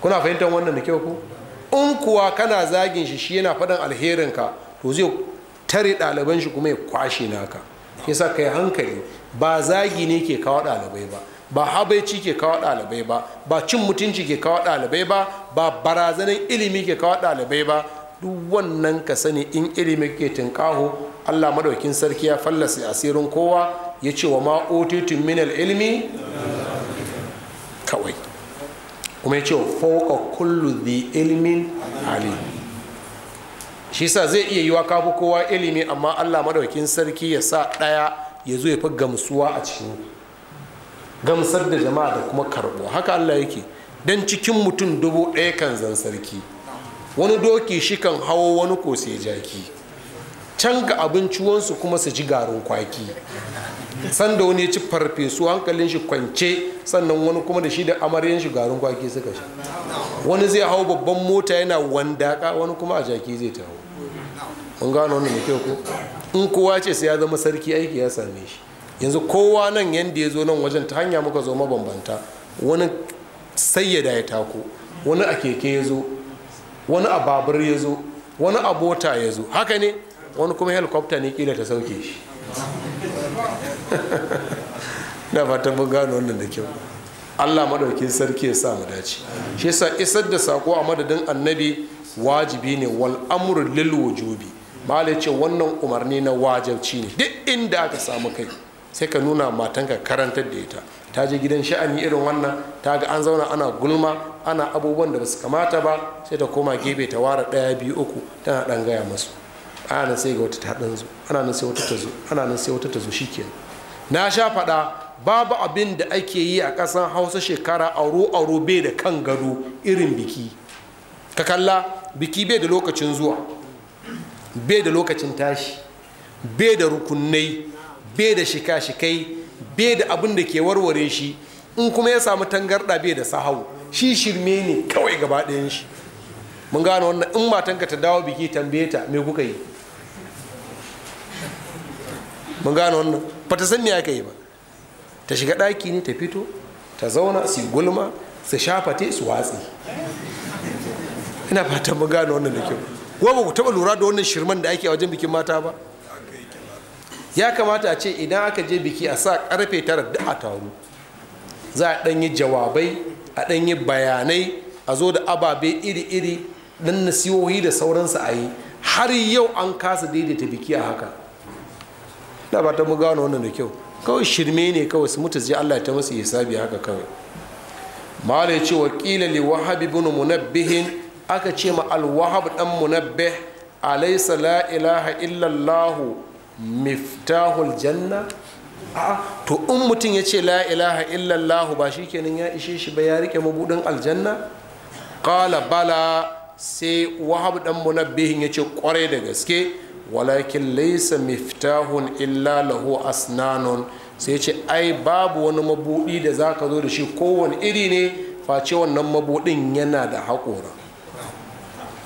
kuna fahimtar wannan da kyau ku in kuwa kana zagin shi shi yana faɗin alherinka to zai tare ɗaliban shi kuma ya kwashe naka yasa kai hankali ba zagi ne ke kawo ɗalibai ba ba habaici ke kawo ɗalibai ba ba cin mutunci ke kawo ɗalibai ba ba barazanin ilimi ke kawo ɗalibai ba duk wannan ka sani in ilimi ke tunƙaho allah madaukin sarki ya fallasa asirin kowa ya ce wa ma'otitun minal ilimi kawai kuma ya ce wa fauka kullu the ilimin ali shi sa zai iya yi yiwa kafi kowa ilimi amma allah madaukin sarki ya sa ɗaya ya zo ya fi gamsuwa a cikin gamsar da jama'a da kuma karɓo haka allah yake don cikin mutum dubu ɗaya kan zan sarki wani doki shi kan hawo wani ko sai jaki can ga abinciwansu kuma su ji garin kwaki sanda wani ya ci farfesu hankalin shi kwance sannan wani kuma da shi da amaryan shi garin kwaki suka sha wani zai hau babban mota yana wandaka wani kuma a jaki zai ta hau mun gano wannan da kyau ko in kowa ce sai ya zama sarki aiki ya same shi yanzu kowa nan yadda ya zo nan wajen ta hanya muka zo mabambanta wani sayyada ya tako wani a keke ya zo wani a babur ya zo wani a bota ya zo haka ne wani kuma helikwafta ne kila ta sauke shi na fatan mun gano wannan da kyau allah maɗaukin sarki ya sa mu dace shi yasa isar da sako a madadin annabi wajibi ne wal amru lil wujubi ma ce wannan umarni na wajabci ne duk inda aka samu kai sai ka nuna matanka karantar da ita ta je gidan sha'ani irin wannan ta ga an zauna ana gulma ana abubuwan da ba su kamata ba sai ta koma gefe ta wara ɗaya biyu uku tana ɗan gaya masu ana nan sai ga wata ta ɗan zo ana nan sai wata ta zo ana nan sai wata ta zo shikenan na sha faɗa babu abin da ake yi a ƙasan hausa shekara auro auro bai da kan gado irin biki ka kalla biki bai da lokacin zuwa bai da lokacin tashi bai da rukunai bai da shika-shikai bai da abin da ke warware shi in kuma ya samu tangarɗa bai da sahau shi shirme ne kawai gaba ɗayan shi mun gane wannan in matanka ta dawo biki tambaye ta me kuka yi mun gane wannan ba ta san me aka yi ba ta shiga ɗaki ne ta fito ta zauna su gulma su shafate su watsi ina fatan mun gane wannan da kyau ko ba ku taɓa lura da wannan shirman da ake a wajen bikin mata ba ya kamata a ce idan aka je biki a sa karfe tara da a taru za a ɗan yi jawabai a ɗan yi bayanai a zo da ababe iri-iri dan nasihohi da sauransu a yi har yau an kasa daidaita biki a haka da ba ta mu gano wannan da kyau kawai shirme ne kawai su mutu Allah ta masu hisabi haka kawai mala ya ce wa kila li wahab munabbihin aka ce ma al wahab dan munabbih alaysa la ilaha miftahul janna a'a to in mutum ya ce la ilaha illallah ba shi kenan ya ishe shi ba ya rike mabudin aljanna qala bala sai wahab dan munabbihin ya ce kwarai da gaske walakin laysa miftahun illa lahu asnanun sai ce ai babu wani mabudi da zaka zo da shi kowane iri ne face wannan mabudin yana da haƙora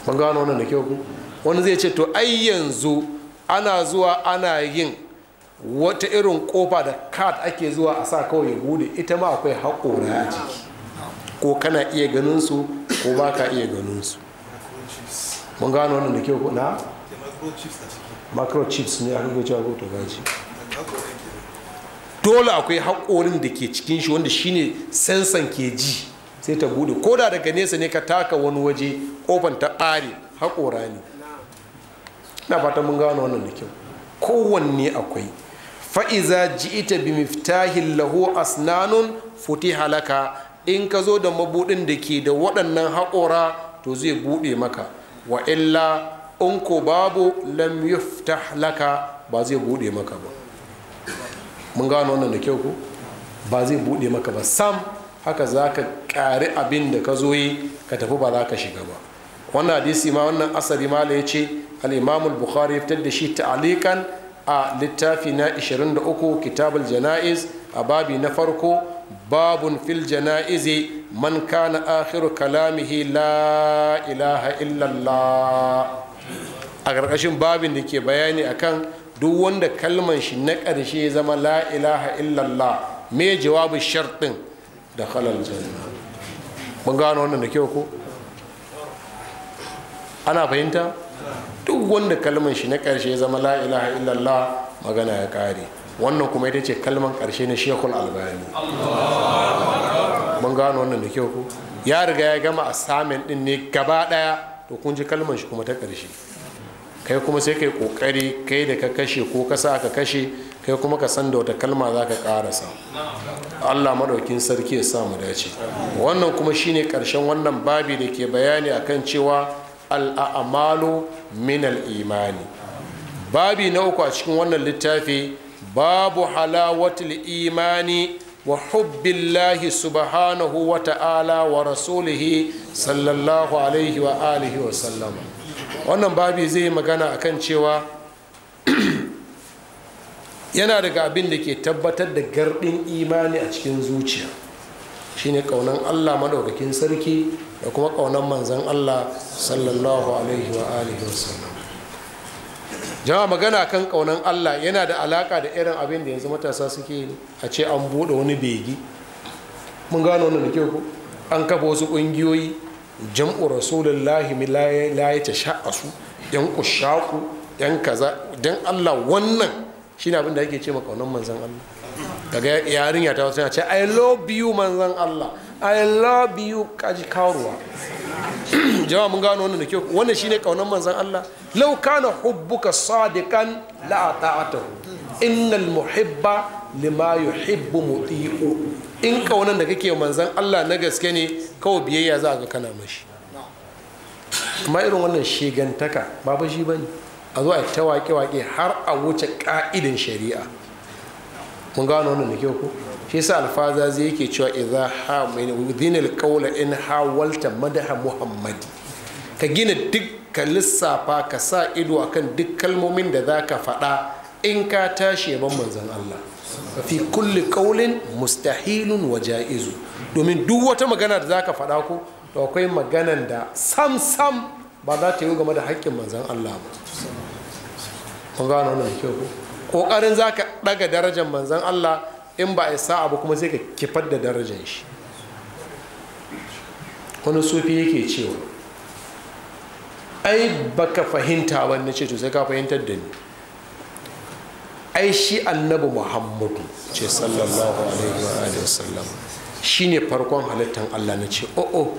ban gano wannan da kyau ku wani zai ce to ai yanzu ana zuwa ana yin wata irin kofa da kat ake zuwa a sa kawai ya bude ita ma akwai haƙora a ciki ko kana iya ganin su ko ba ka iya ganin su mun gano wannan da ke na microchips ne aka gaji ko to gaji dole akwai haƙorin da ke cikin shi wanda shine sensan ke ji sai ta bude ko da daga nesa ne ka taka wani waje kofan ta ɓare haƙora ne na fata mun gano wannan da kyau kowanne akwai fa'iza ita bi miftahin a asnanun futi halaka in ka zo da mabuɗin da ke da waɗannan haƙora to zai buɗe maka wa illa in ko babu lam yuftah laka ba zai buɗe maka ba mun gano wannan da kyau ko ba zai buɗe maka ba sam haka za ka ƙari abin da ka zo yi ka tafi ba za ka shiga ba wannan hadisi ma wannan asali ma ya ce al imamul al-bukhari fitar da shi ta'alikan a littafi na 23 kitab janaiz a babi na farko babun fil jana'izi man kana akhiru kalamihi la ilaha illallah a ƙarƙashin babin da ke bayani akan duk wanda kalman shi na ƙarshe zama la ilaha illallah me jawabin sharɗin da halal janna mun gano wannan da kyau ko ana fahimta duk wanda kalman shi na karshe ya zama la ilaha illallah magana ya kare wannan kuma ita ce kalman karshe na shekul albani mun gano wannan da kyau ku ya riga ya gama assignment din ne gaba ɗaya to kun ji kalman shi kuma ta karshe. kai kuma sai kai kokari kai da ka kashe ko ka sa ka kashe kai kuma ka san da wata kalma za ka karasa allah maɗaukin sarki ya samu dace wannan kuma shine karshen wannan babi da ke bayani akan cewa al'amalu minal imani. babi na uku a cikin wannan littafi babu halawatul imani wa hubbillahi subhanahu wa ta'ala wa rasulihi sallallahu alaihi wa alihi wa sallama wannan babi zai magana a kan cewa yana daga abin da ke tabbatar da garɗin imani a cikin zuciya shine ƙaunar allah maɗaukakin sarki da kuma ƙaunar manzan Allah sallallahu alaihi wa alihi wasallam jama'a magana kan ƙaunar Allah yana da alaka da irin abin da yanzu matasa suke a ce an buɗe wani begi mun gano wannan da ku an kafa wasu ƙungiyoyi jam'u rasulullahi la ya ta sha'asu yan kushaku yan kaza dan Allah wannan shine abin da ake ce ma ƙaunar manzan Allah daga yarinya ta wasu ce i love you manzan Allah i love you kaji karuwa jama'a mun gano wannan da kyau wannan shine kaunar manzon Allah law kana hubbuka sadiqan la ata'atahu innal muhibba lima yuhibbu muti'u in kaunar da kake manzon Allah na gaske ne kawai biyayya za ga kana mashi amma irin wannan shigantaka babu ba shi bane a zo a ta waƙe wake har a wuce ƙa'idan shari'a mun gano wannan da kyau ko shi yasa alfaza zai yake cewa idza ha min within alqawla in hawalta madaha muhammadi ka gina duk ka lissafa ka sa ido akan duk kalmomin da zaka faɗa in ka tashi yaban manzon Allah fi kulli qawlin mustahilun wa jaizu domin duk wata magana da zaka faɗa ko to akwai maganan da sam sam ba za ta yi game da haƙƙin manzon Allah ba kun gano wannan kyau ko kokarin zaka daga darajar manzon Allah in ba a sa'a ba kuma zai ka kifar da darajar shi wani sufi yake cewa ai baka fahimta wannan ce to sai ka fahimtar da ni ai shi annabi muhammadu ce sallallahu alaihi wa sallam shi ne farkon halittar allah na ce o'o oh, oh.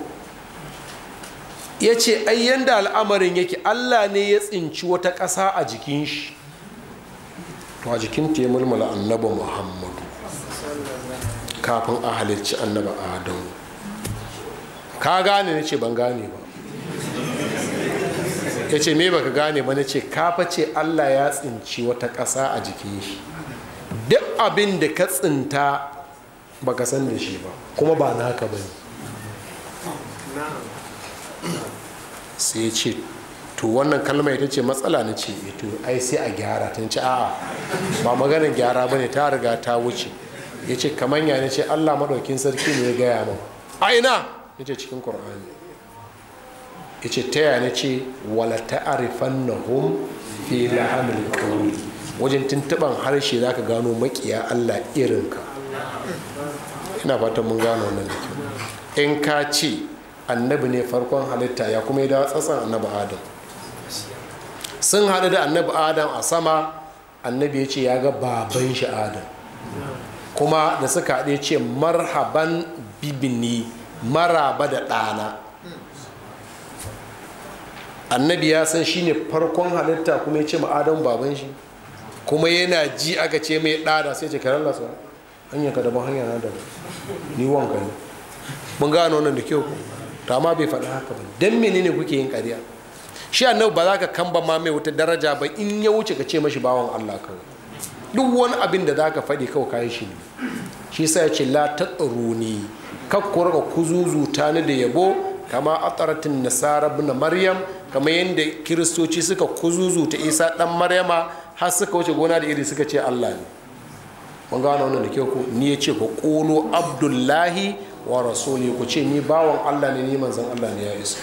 ya ce ai yanda al'amarin yake allah ne ya tsinci wata ƙasa a jikin shi to a jikin ta ya mulmula annabi muhammadu kafin a halicci annaba adamu ka gane na ce ban gane ba ya ce me baka gane ba na ce kafa ce allah ya tsinci wata ƙasa a jiki shi duk abin da ka tsinta baka san da shi ba kuma ba naka ba ne sai ya ce to wannan kalma ita ce matsala na ce eh ai sai a gyara ta ce a'a ba maganin gyara ba ne ta riga ta wuce ya ce kamar ya ce allah maɗaukin sarki ne ya gaya min aina ya ce cikin ƙur'ani ya ce ta yana ce wala ta'arifan na hun fi lahamil kawai wajen tuntuɓan harshe za ka gano makiya allah irinka ina fatan mun gano wannan da kyau in ka ce annabi ne farkon halitta ya kuma yi da tsatsan annabi adam sun haɗu da annabi adam a sama annabi ya ce ya ga baban shi adam kuma da suka haɗe ce marhaban bibini maraba da ɗana annabi ya san shi ne farkon halitta kuma ya ce ma baban shi kuma yana ji aka ce mai ɗada sai ce kiran lasa hanyar ka daban hanyar na daban ni wanka ne mun gano nan da kyau ku ta ma bai faɗi haka ba dan menene kuke yin ƙarya shi annabi ba za ka kamba ma mai wata daraja ba in ya wuce ka ce mashi bawan Allah kawai duk wani abin da za ka faɗi kawai kayan shi ne shi sa ya ce la ta kakkuwar ka kuzuzu ta ni da yabo kama ataratin nasara bin maryam kama yadda kiristoci suka kuzuzu ta isa dan maryama har suka wuce gona da iri suka ce allah ne mun gano wannan da kyau ku ni ya ce ku kolo abdullahi wa rasuli ku ce ni bawan allah ne ni manzon allah ne ya isa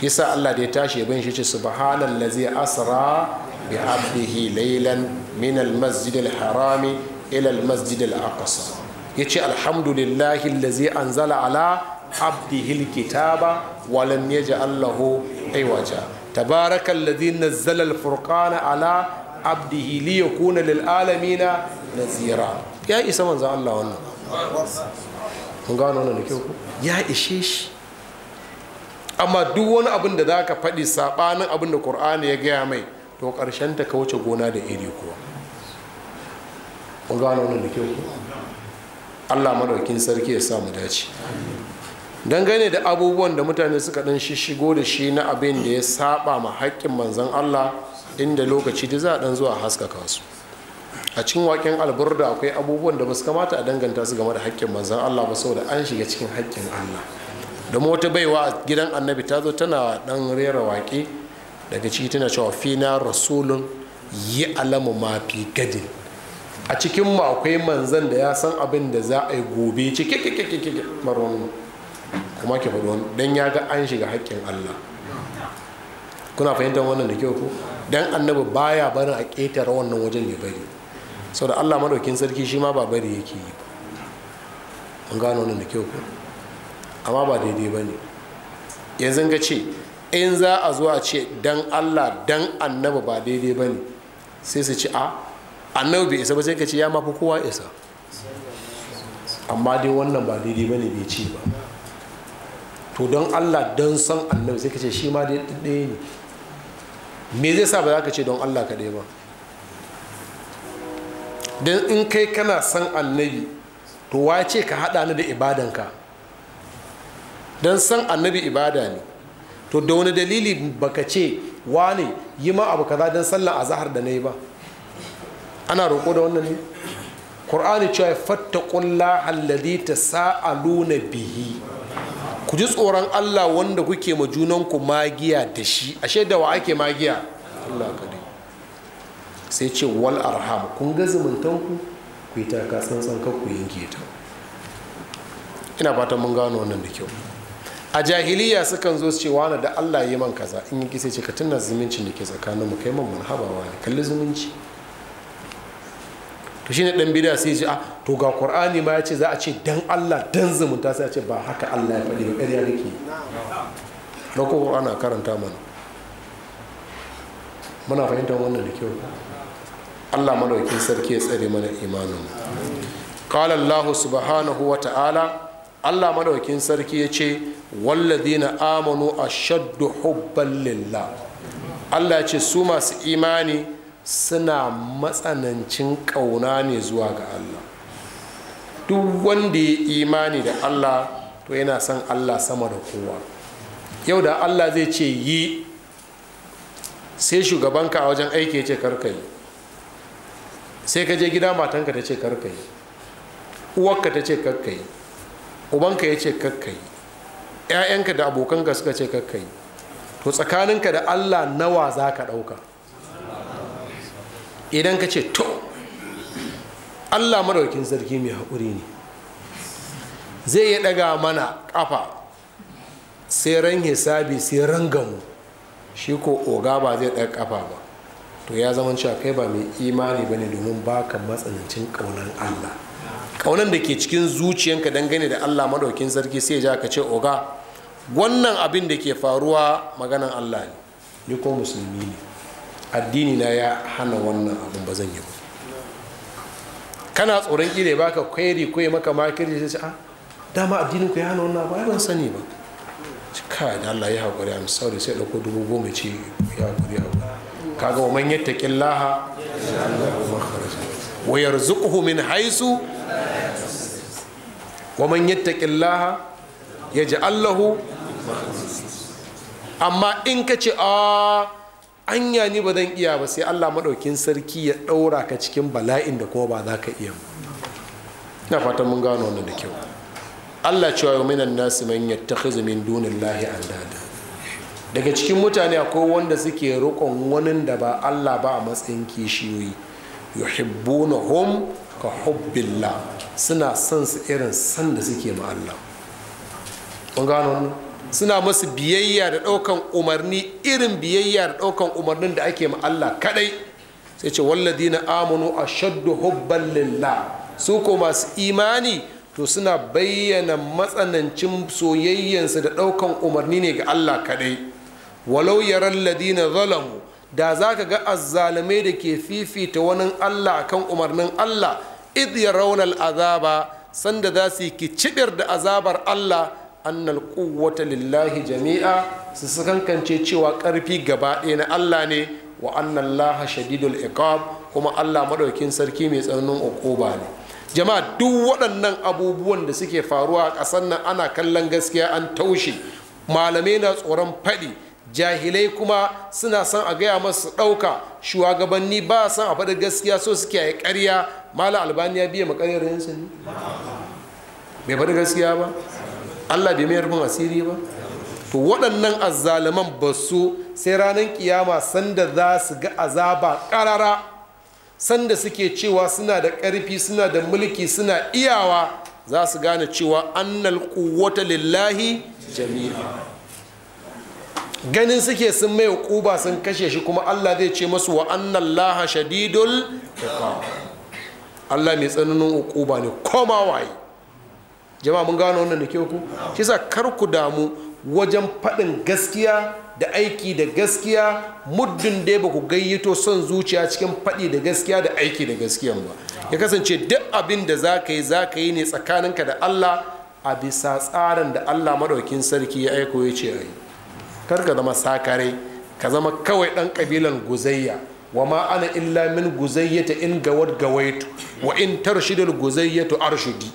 shi sa allah da ya tashi ya bin shi ce subhanallazi asra بعبده ليلا من المسجد الحرام إلى المسجد الأقصى يتي الحمد لله الذي أنزل على عبده الكتاب ولم يجعل له عوجا تبارك الذي نزل الفرقان على عبده ليكون للعالمين نذيرا يا إسا من الله wannan kun gano wannan ya ishe shi amma duk wani abin da za ka faɗi saɓanin abin da ƙur'ani ya gaya mai to ƙarshen ta ka wuce gona da iri kuwa kun gano wannan da kyau Allah madaukin sarki ya sa mu dace dangane da abubuwan da mutane suka dan shishigo da shi na abin da ya saba ma haƙƙin manzon Allah inda lokaci da za a dan zuwa haskaka su a cikin waƙen alburda akwai abubuwan da ba su kamata a danganta su game da haƙƙin manzon Allah ba saboda an shiga cikin haƙƙin Allah da wata baiwa a gidan annabi ta zo tana dan rera waƙe daga ciki tana cewa fina rasulun yi alamu mafi gadin a cikin mu akwai manzan da ya san abin da za a yi gobe cike ce kekekekeke marwan kuma ke faɗi wani don ya ga an shiga haƙƙin allah kuna fahimtar wannan da kyau ko dan annabi baya barin a ƙetare wannan wajen ya bari sau da allah maɗaukin sarki shi ma ba bari yake yi an gano wannan da kyau ko amma ba daidai ba ne yanzu ga ce in za a zo a ce dan allah dan annabi ba daidai ba ne sai su ci a annabi bai isa ba sai ka ce ya mafi kowa isa amma dai wannan ba daidai ba ne bai ci ba to don allah don san annabi sai ka ce shi ma dai ɗaya ne me zai sa ba za ka ce don allah kaɗai ba don in kai kana san annabi to wace ka haɗa ni da ibadanka don san annabi ibada ne to da wani dalili baka ce wane yi ma abu kaza don sallan azahar da na yi ba ana roƙo da wannan ne ƙur'ani cewa ta alladhi na bihi ku ji tsoron Allah wanda kuke ma junanku magiya da shi ashe da wa ake magiya Allah kadai sai ce wal arham kun ga zumuntanku ku yi taka tsantsan ku yanke ta ina fatan mun gano wannan da kyau a jahiliya sukan zo ce wani da allah yi man kaza in yi kisa ce ka tunna zumuncin da ke tsakanin mu kai man marhabawa ne kalli zumunci to shine dan bida sai ji a to ga qur'ani ma yace za a ce dan allah dan zumunta sai a ce ba haka allah ya faɗi ba ƙarya nake dauko qur'ana karanta mana muna fahimtar wannan da kyau allah madaukin sarki ya tsare mana imanin qala allah subhanahu wa ta'ala allah madaukin sarki ya ce walladina amanu ashaddu hubban lillah allah ce su masu imani suna matsanancin kauna ne zuwa ga allah duk wanda ya imani da allah to yana son allah sama da kowa yau da allah zai ce yi sai shugabanka a wajen aiki ya ce karkai sai ka je gida matanka ta ce karkai yi uwarka ta ce karkai ubanka ya ce kakkai ‘ya'yanka da abokanka suka ce kakkai to tsakaninka da allah nawa za ka ɗauka idan ka ce to allah maraukin sarki mai haƙuri ne zai yi ɗaga mana ƙafa sai ran hisabi sai ran gamu shi ko oga ba zai ɗaga ƙafa ba to ya zama cewa kai ba mai imani ba ne domin baka matsanancin ƙaunar allah ƙaunar da ke cikin zuciyanka dangane da allah madaukin sarki sai ja ka ce oga wannan abin da ke faruwa maganan allah ne ni ko musulmi ne addini na ya hana wannan abin ba zan yi ba kana tsoron kire ba ka kwairi kwaye maka makirci sai ce a ah, dama addinin ku ya hana wannan ba ban sani ba ka da Allah ya haƙuri am sorry sai ɗauko dubu goma ce ya haƙuri haƙuri kaga wa man yattaqillaha Allah wa yarzuquhu min haisu wa man yattaqillaha yaj'al lahu amma in ka ce a anya ni ba zan iya ba sai Allah maɗaukin sarki ya ɗaura ka cikin bala'in da kuma ba za ka iya na fatan mun gano wannan da kyau Allah cewa yau minan nasu man yattakhidhu min dunillahi andada daga cikin mutane akwai wanda suke riƙon wani da ba Allah ba a matsayin kishiyoyi yuhibbunahum ka hubbilla suna son su irin sanda suke ma Allah mun gano suna masu biyayya da ɗaukan umarni irin biyayya da ɗaukan umarnin da ake ma Allah kadai sai ce walladina amanu ashaddu hubban lillah su ko masu imani to suna bayyana matsanancin soyayyansu da ɗaukan umarni ne ga Allah kadai walau yaran ladina zalamu da za ka ga azzalumai da ke fifita wani allah kan umarnin allah id raunar azaba sanda za su yi kicibir da azabar allah annal kuwata lillahi jami'a su kankance cewa karfi gaba ɗaya na allah ne wa laha shadidul iqab kuma allah maɗaukin sarki mai tsananin uquba ne jama'a duk waɗannan abubuwan da suke faruwa a ƙasar nan ana kallon gaskiya an taushe malamai na tsoron faɗi jahilai kuma suna son a gaya masu ɗauka shugabanni ba son a faɗi gaskiya so suke yi ƙarya mala albani ya biya makaryar yansu ne bai faɗi gaskiya ba allah bai mayar rufin asiri ba to waɗannan azzaluman ba su sai ranar kiyama sanda za su ga azaba ƙarara sanda suke cewa suna da ƙarfi suna da mulki suna iyawa za su gane cewa annal kuwata lillahi jami'a ganin suke sun mai kuba sun kashe shi kuma Allah zai ce masu wa laha shadidul Allah mai tsananin ukuba ne koma waye jama'a mun gano wannan da ku shi sa kar ku damu wajen faɗin gaskiya da aiki da gaskiya muddin dai ba ku gayyato son zuciya cikin faɗi da gaskiya da aiki da gaskiyan ba ya kasance duk abin da za ka yi za ka yi ne tsakaninka da Allah a bisa tsarin da Allah maɗaukin sarki ya aiko ya ce a yi kar ka zama sakare ka zama kawai ɗan ƙabilan guzayya wa ma ana illa min guzayyata in gawad gawaitu wa in tarshidul guzayyatu arshidi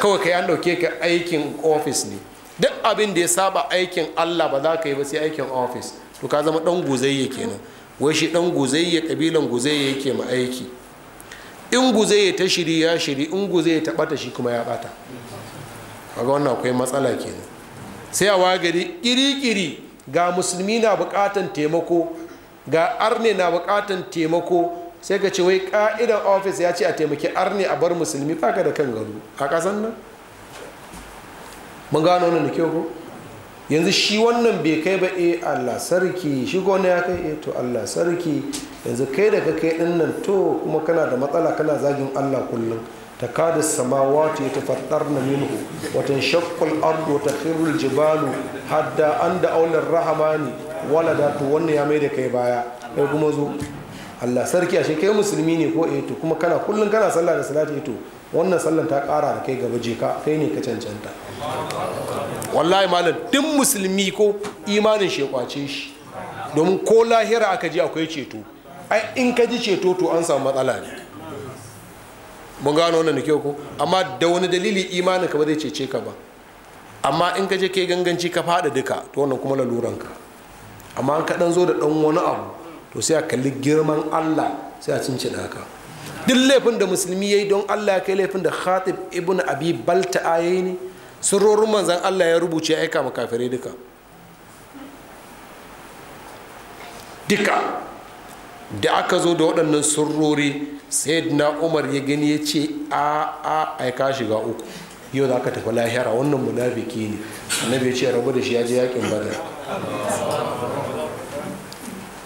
kawai ka yi an ɗauke ka aikin ofis ne duk abin da ya saba aikin allah ba za ka yi ba sai aikin ofis to ka zama ɗan guzayya kenan wai shi dan guzayya ƙabilan guzayya yake ma aiki in guzayya ta shiri ya shiri in guzayya ta ɓata shi kuma ya bata kaga wannan akwai matsala kenan sai a wagari kirikiri ga musulmi na bukatan taimako ga arne na bukatan taimako sai ka ce wai ka'idan ofis ya ce a taimaki arne a bar musulmi faka da kan gado a kasan nan mun gano wannan da kyau ko yanzu shi wannan bai kai ba e allah sarki shi gona ya kai eh, to allah sarki yanzu kai da ka kai din nan to kuma kana da matsala kana zagin allah kullum تكاد السماوات يتفطرن منه وتنشق الأرض وتخر الجبال حتى da أول الرحمن ولدا توني يا kai baya. بايا kuma zo Allah sarki ashe kai musulmi ne ko eto kuma kana kullum kana sallah da salati eto wannan sallan ta kara da kai gaba je ka kai ne ka cancanta wallahi malam duk musulmi ko imanin shi kwace shi domin ko lahira aka ji akwai ceto ai in ka ji ceto to an samu matsala ne mun gano wannan kyau ko amma da wani dalili imanin ka ba zai cece ka ba amma in ka je ke ganganci ka fada duka to wannan kuma laluran ka amma ka dan zo da dan wani abu to sai a kalli girman Allah sai a cince ka duk laifin da musulmi yayi don Allah ya kai laifin da Khatib ibn Abi Balta yayi ne sirrorin manzan Allah ya rubuce aika ma kafirai duka duka da aka zo da waɗannan surrori na umar ya gani ya ce a a ai ka shiga uku yau za ka tafi lahira wannan munafiki ne annabi ya ce rabu da shi ya je yakin badar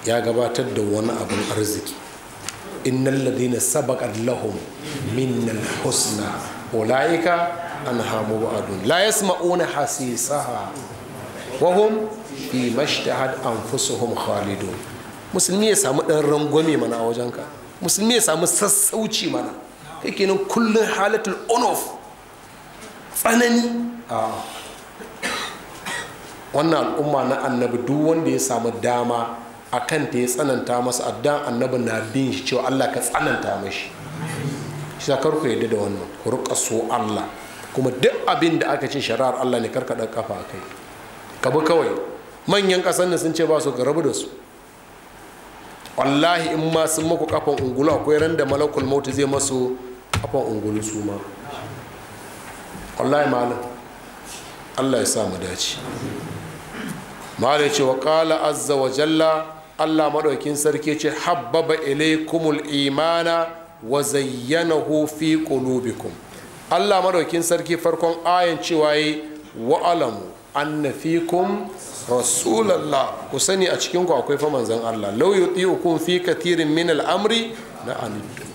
ya gabatar da wani abin arziki innal ladina sabaqat lahum minnal husna ulaika anha mubadun la yasma'una hasisaha wa hum fi mashtahat anfusuhum khalidun musulmi ya samu ɗan rangwame mana a wajenka musulmi ya samu sassauci mana kake nan kullum halatul onof tsanani a ah. wannan al'umma na annabi duk wanda ya samu dama a kan ta ya tsananta masa addan annabi na bin shi cewa allah ka tsananta mashi shi ta karku yadda da wannan ku riƙa so allah kuma duk abin da aka ce shari'ar allah ne karka ɗan kafa a kai ka bi kawai manyan ƙasar da sun ce ba su ka rabu da su wallahi in ma sun maku kafan ungulu akwai ran da malakul Mauti zai masu kafan ungulu su ma wallahi malam allah ya sa mu dace malam ce wa kala azza wa jalla allah madaukin sarki ce habbaba ilaykumul imana wa zayyanahu fi qulubikum allah madaukin sarki farkon ayan cewa yi wa alamu anna fikum rasulallah ku sani a cikin ku akwai fa manzon Allah law yuti'ukum fi katirin min al-amri la anuddu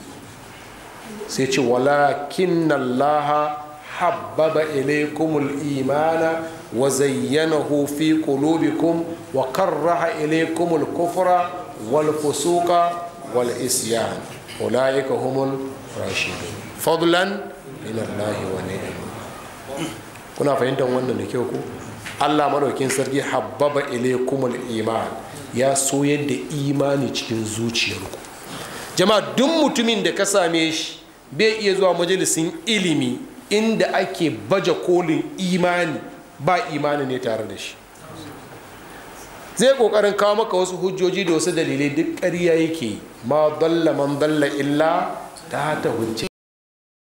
sai ce walakin Allah habbaba ilaykumul imana wa zayyanahu fi qulubikum wa karraha al kufra wal fusuqa wal isyan ulaika humul rashidun fadlan min Allah wa ni'ma kuna fahimtar wannan da kyau ko allah maɗaukin sarki habbaba ilaikumul iman ya so yadda imani cikin zuciyarku jama'a duk mutumin da ka same shi bai iya zuwa majalisin ilimi inda ake baje kolin imani ba imani ne tare da shi zai kokarin kawo maka wasu hujjoji da wasu dalilai duk ƙarya yake ma dalla man dalla illa ta ta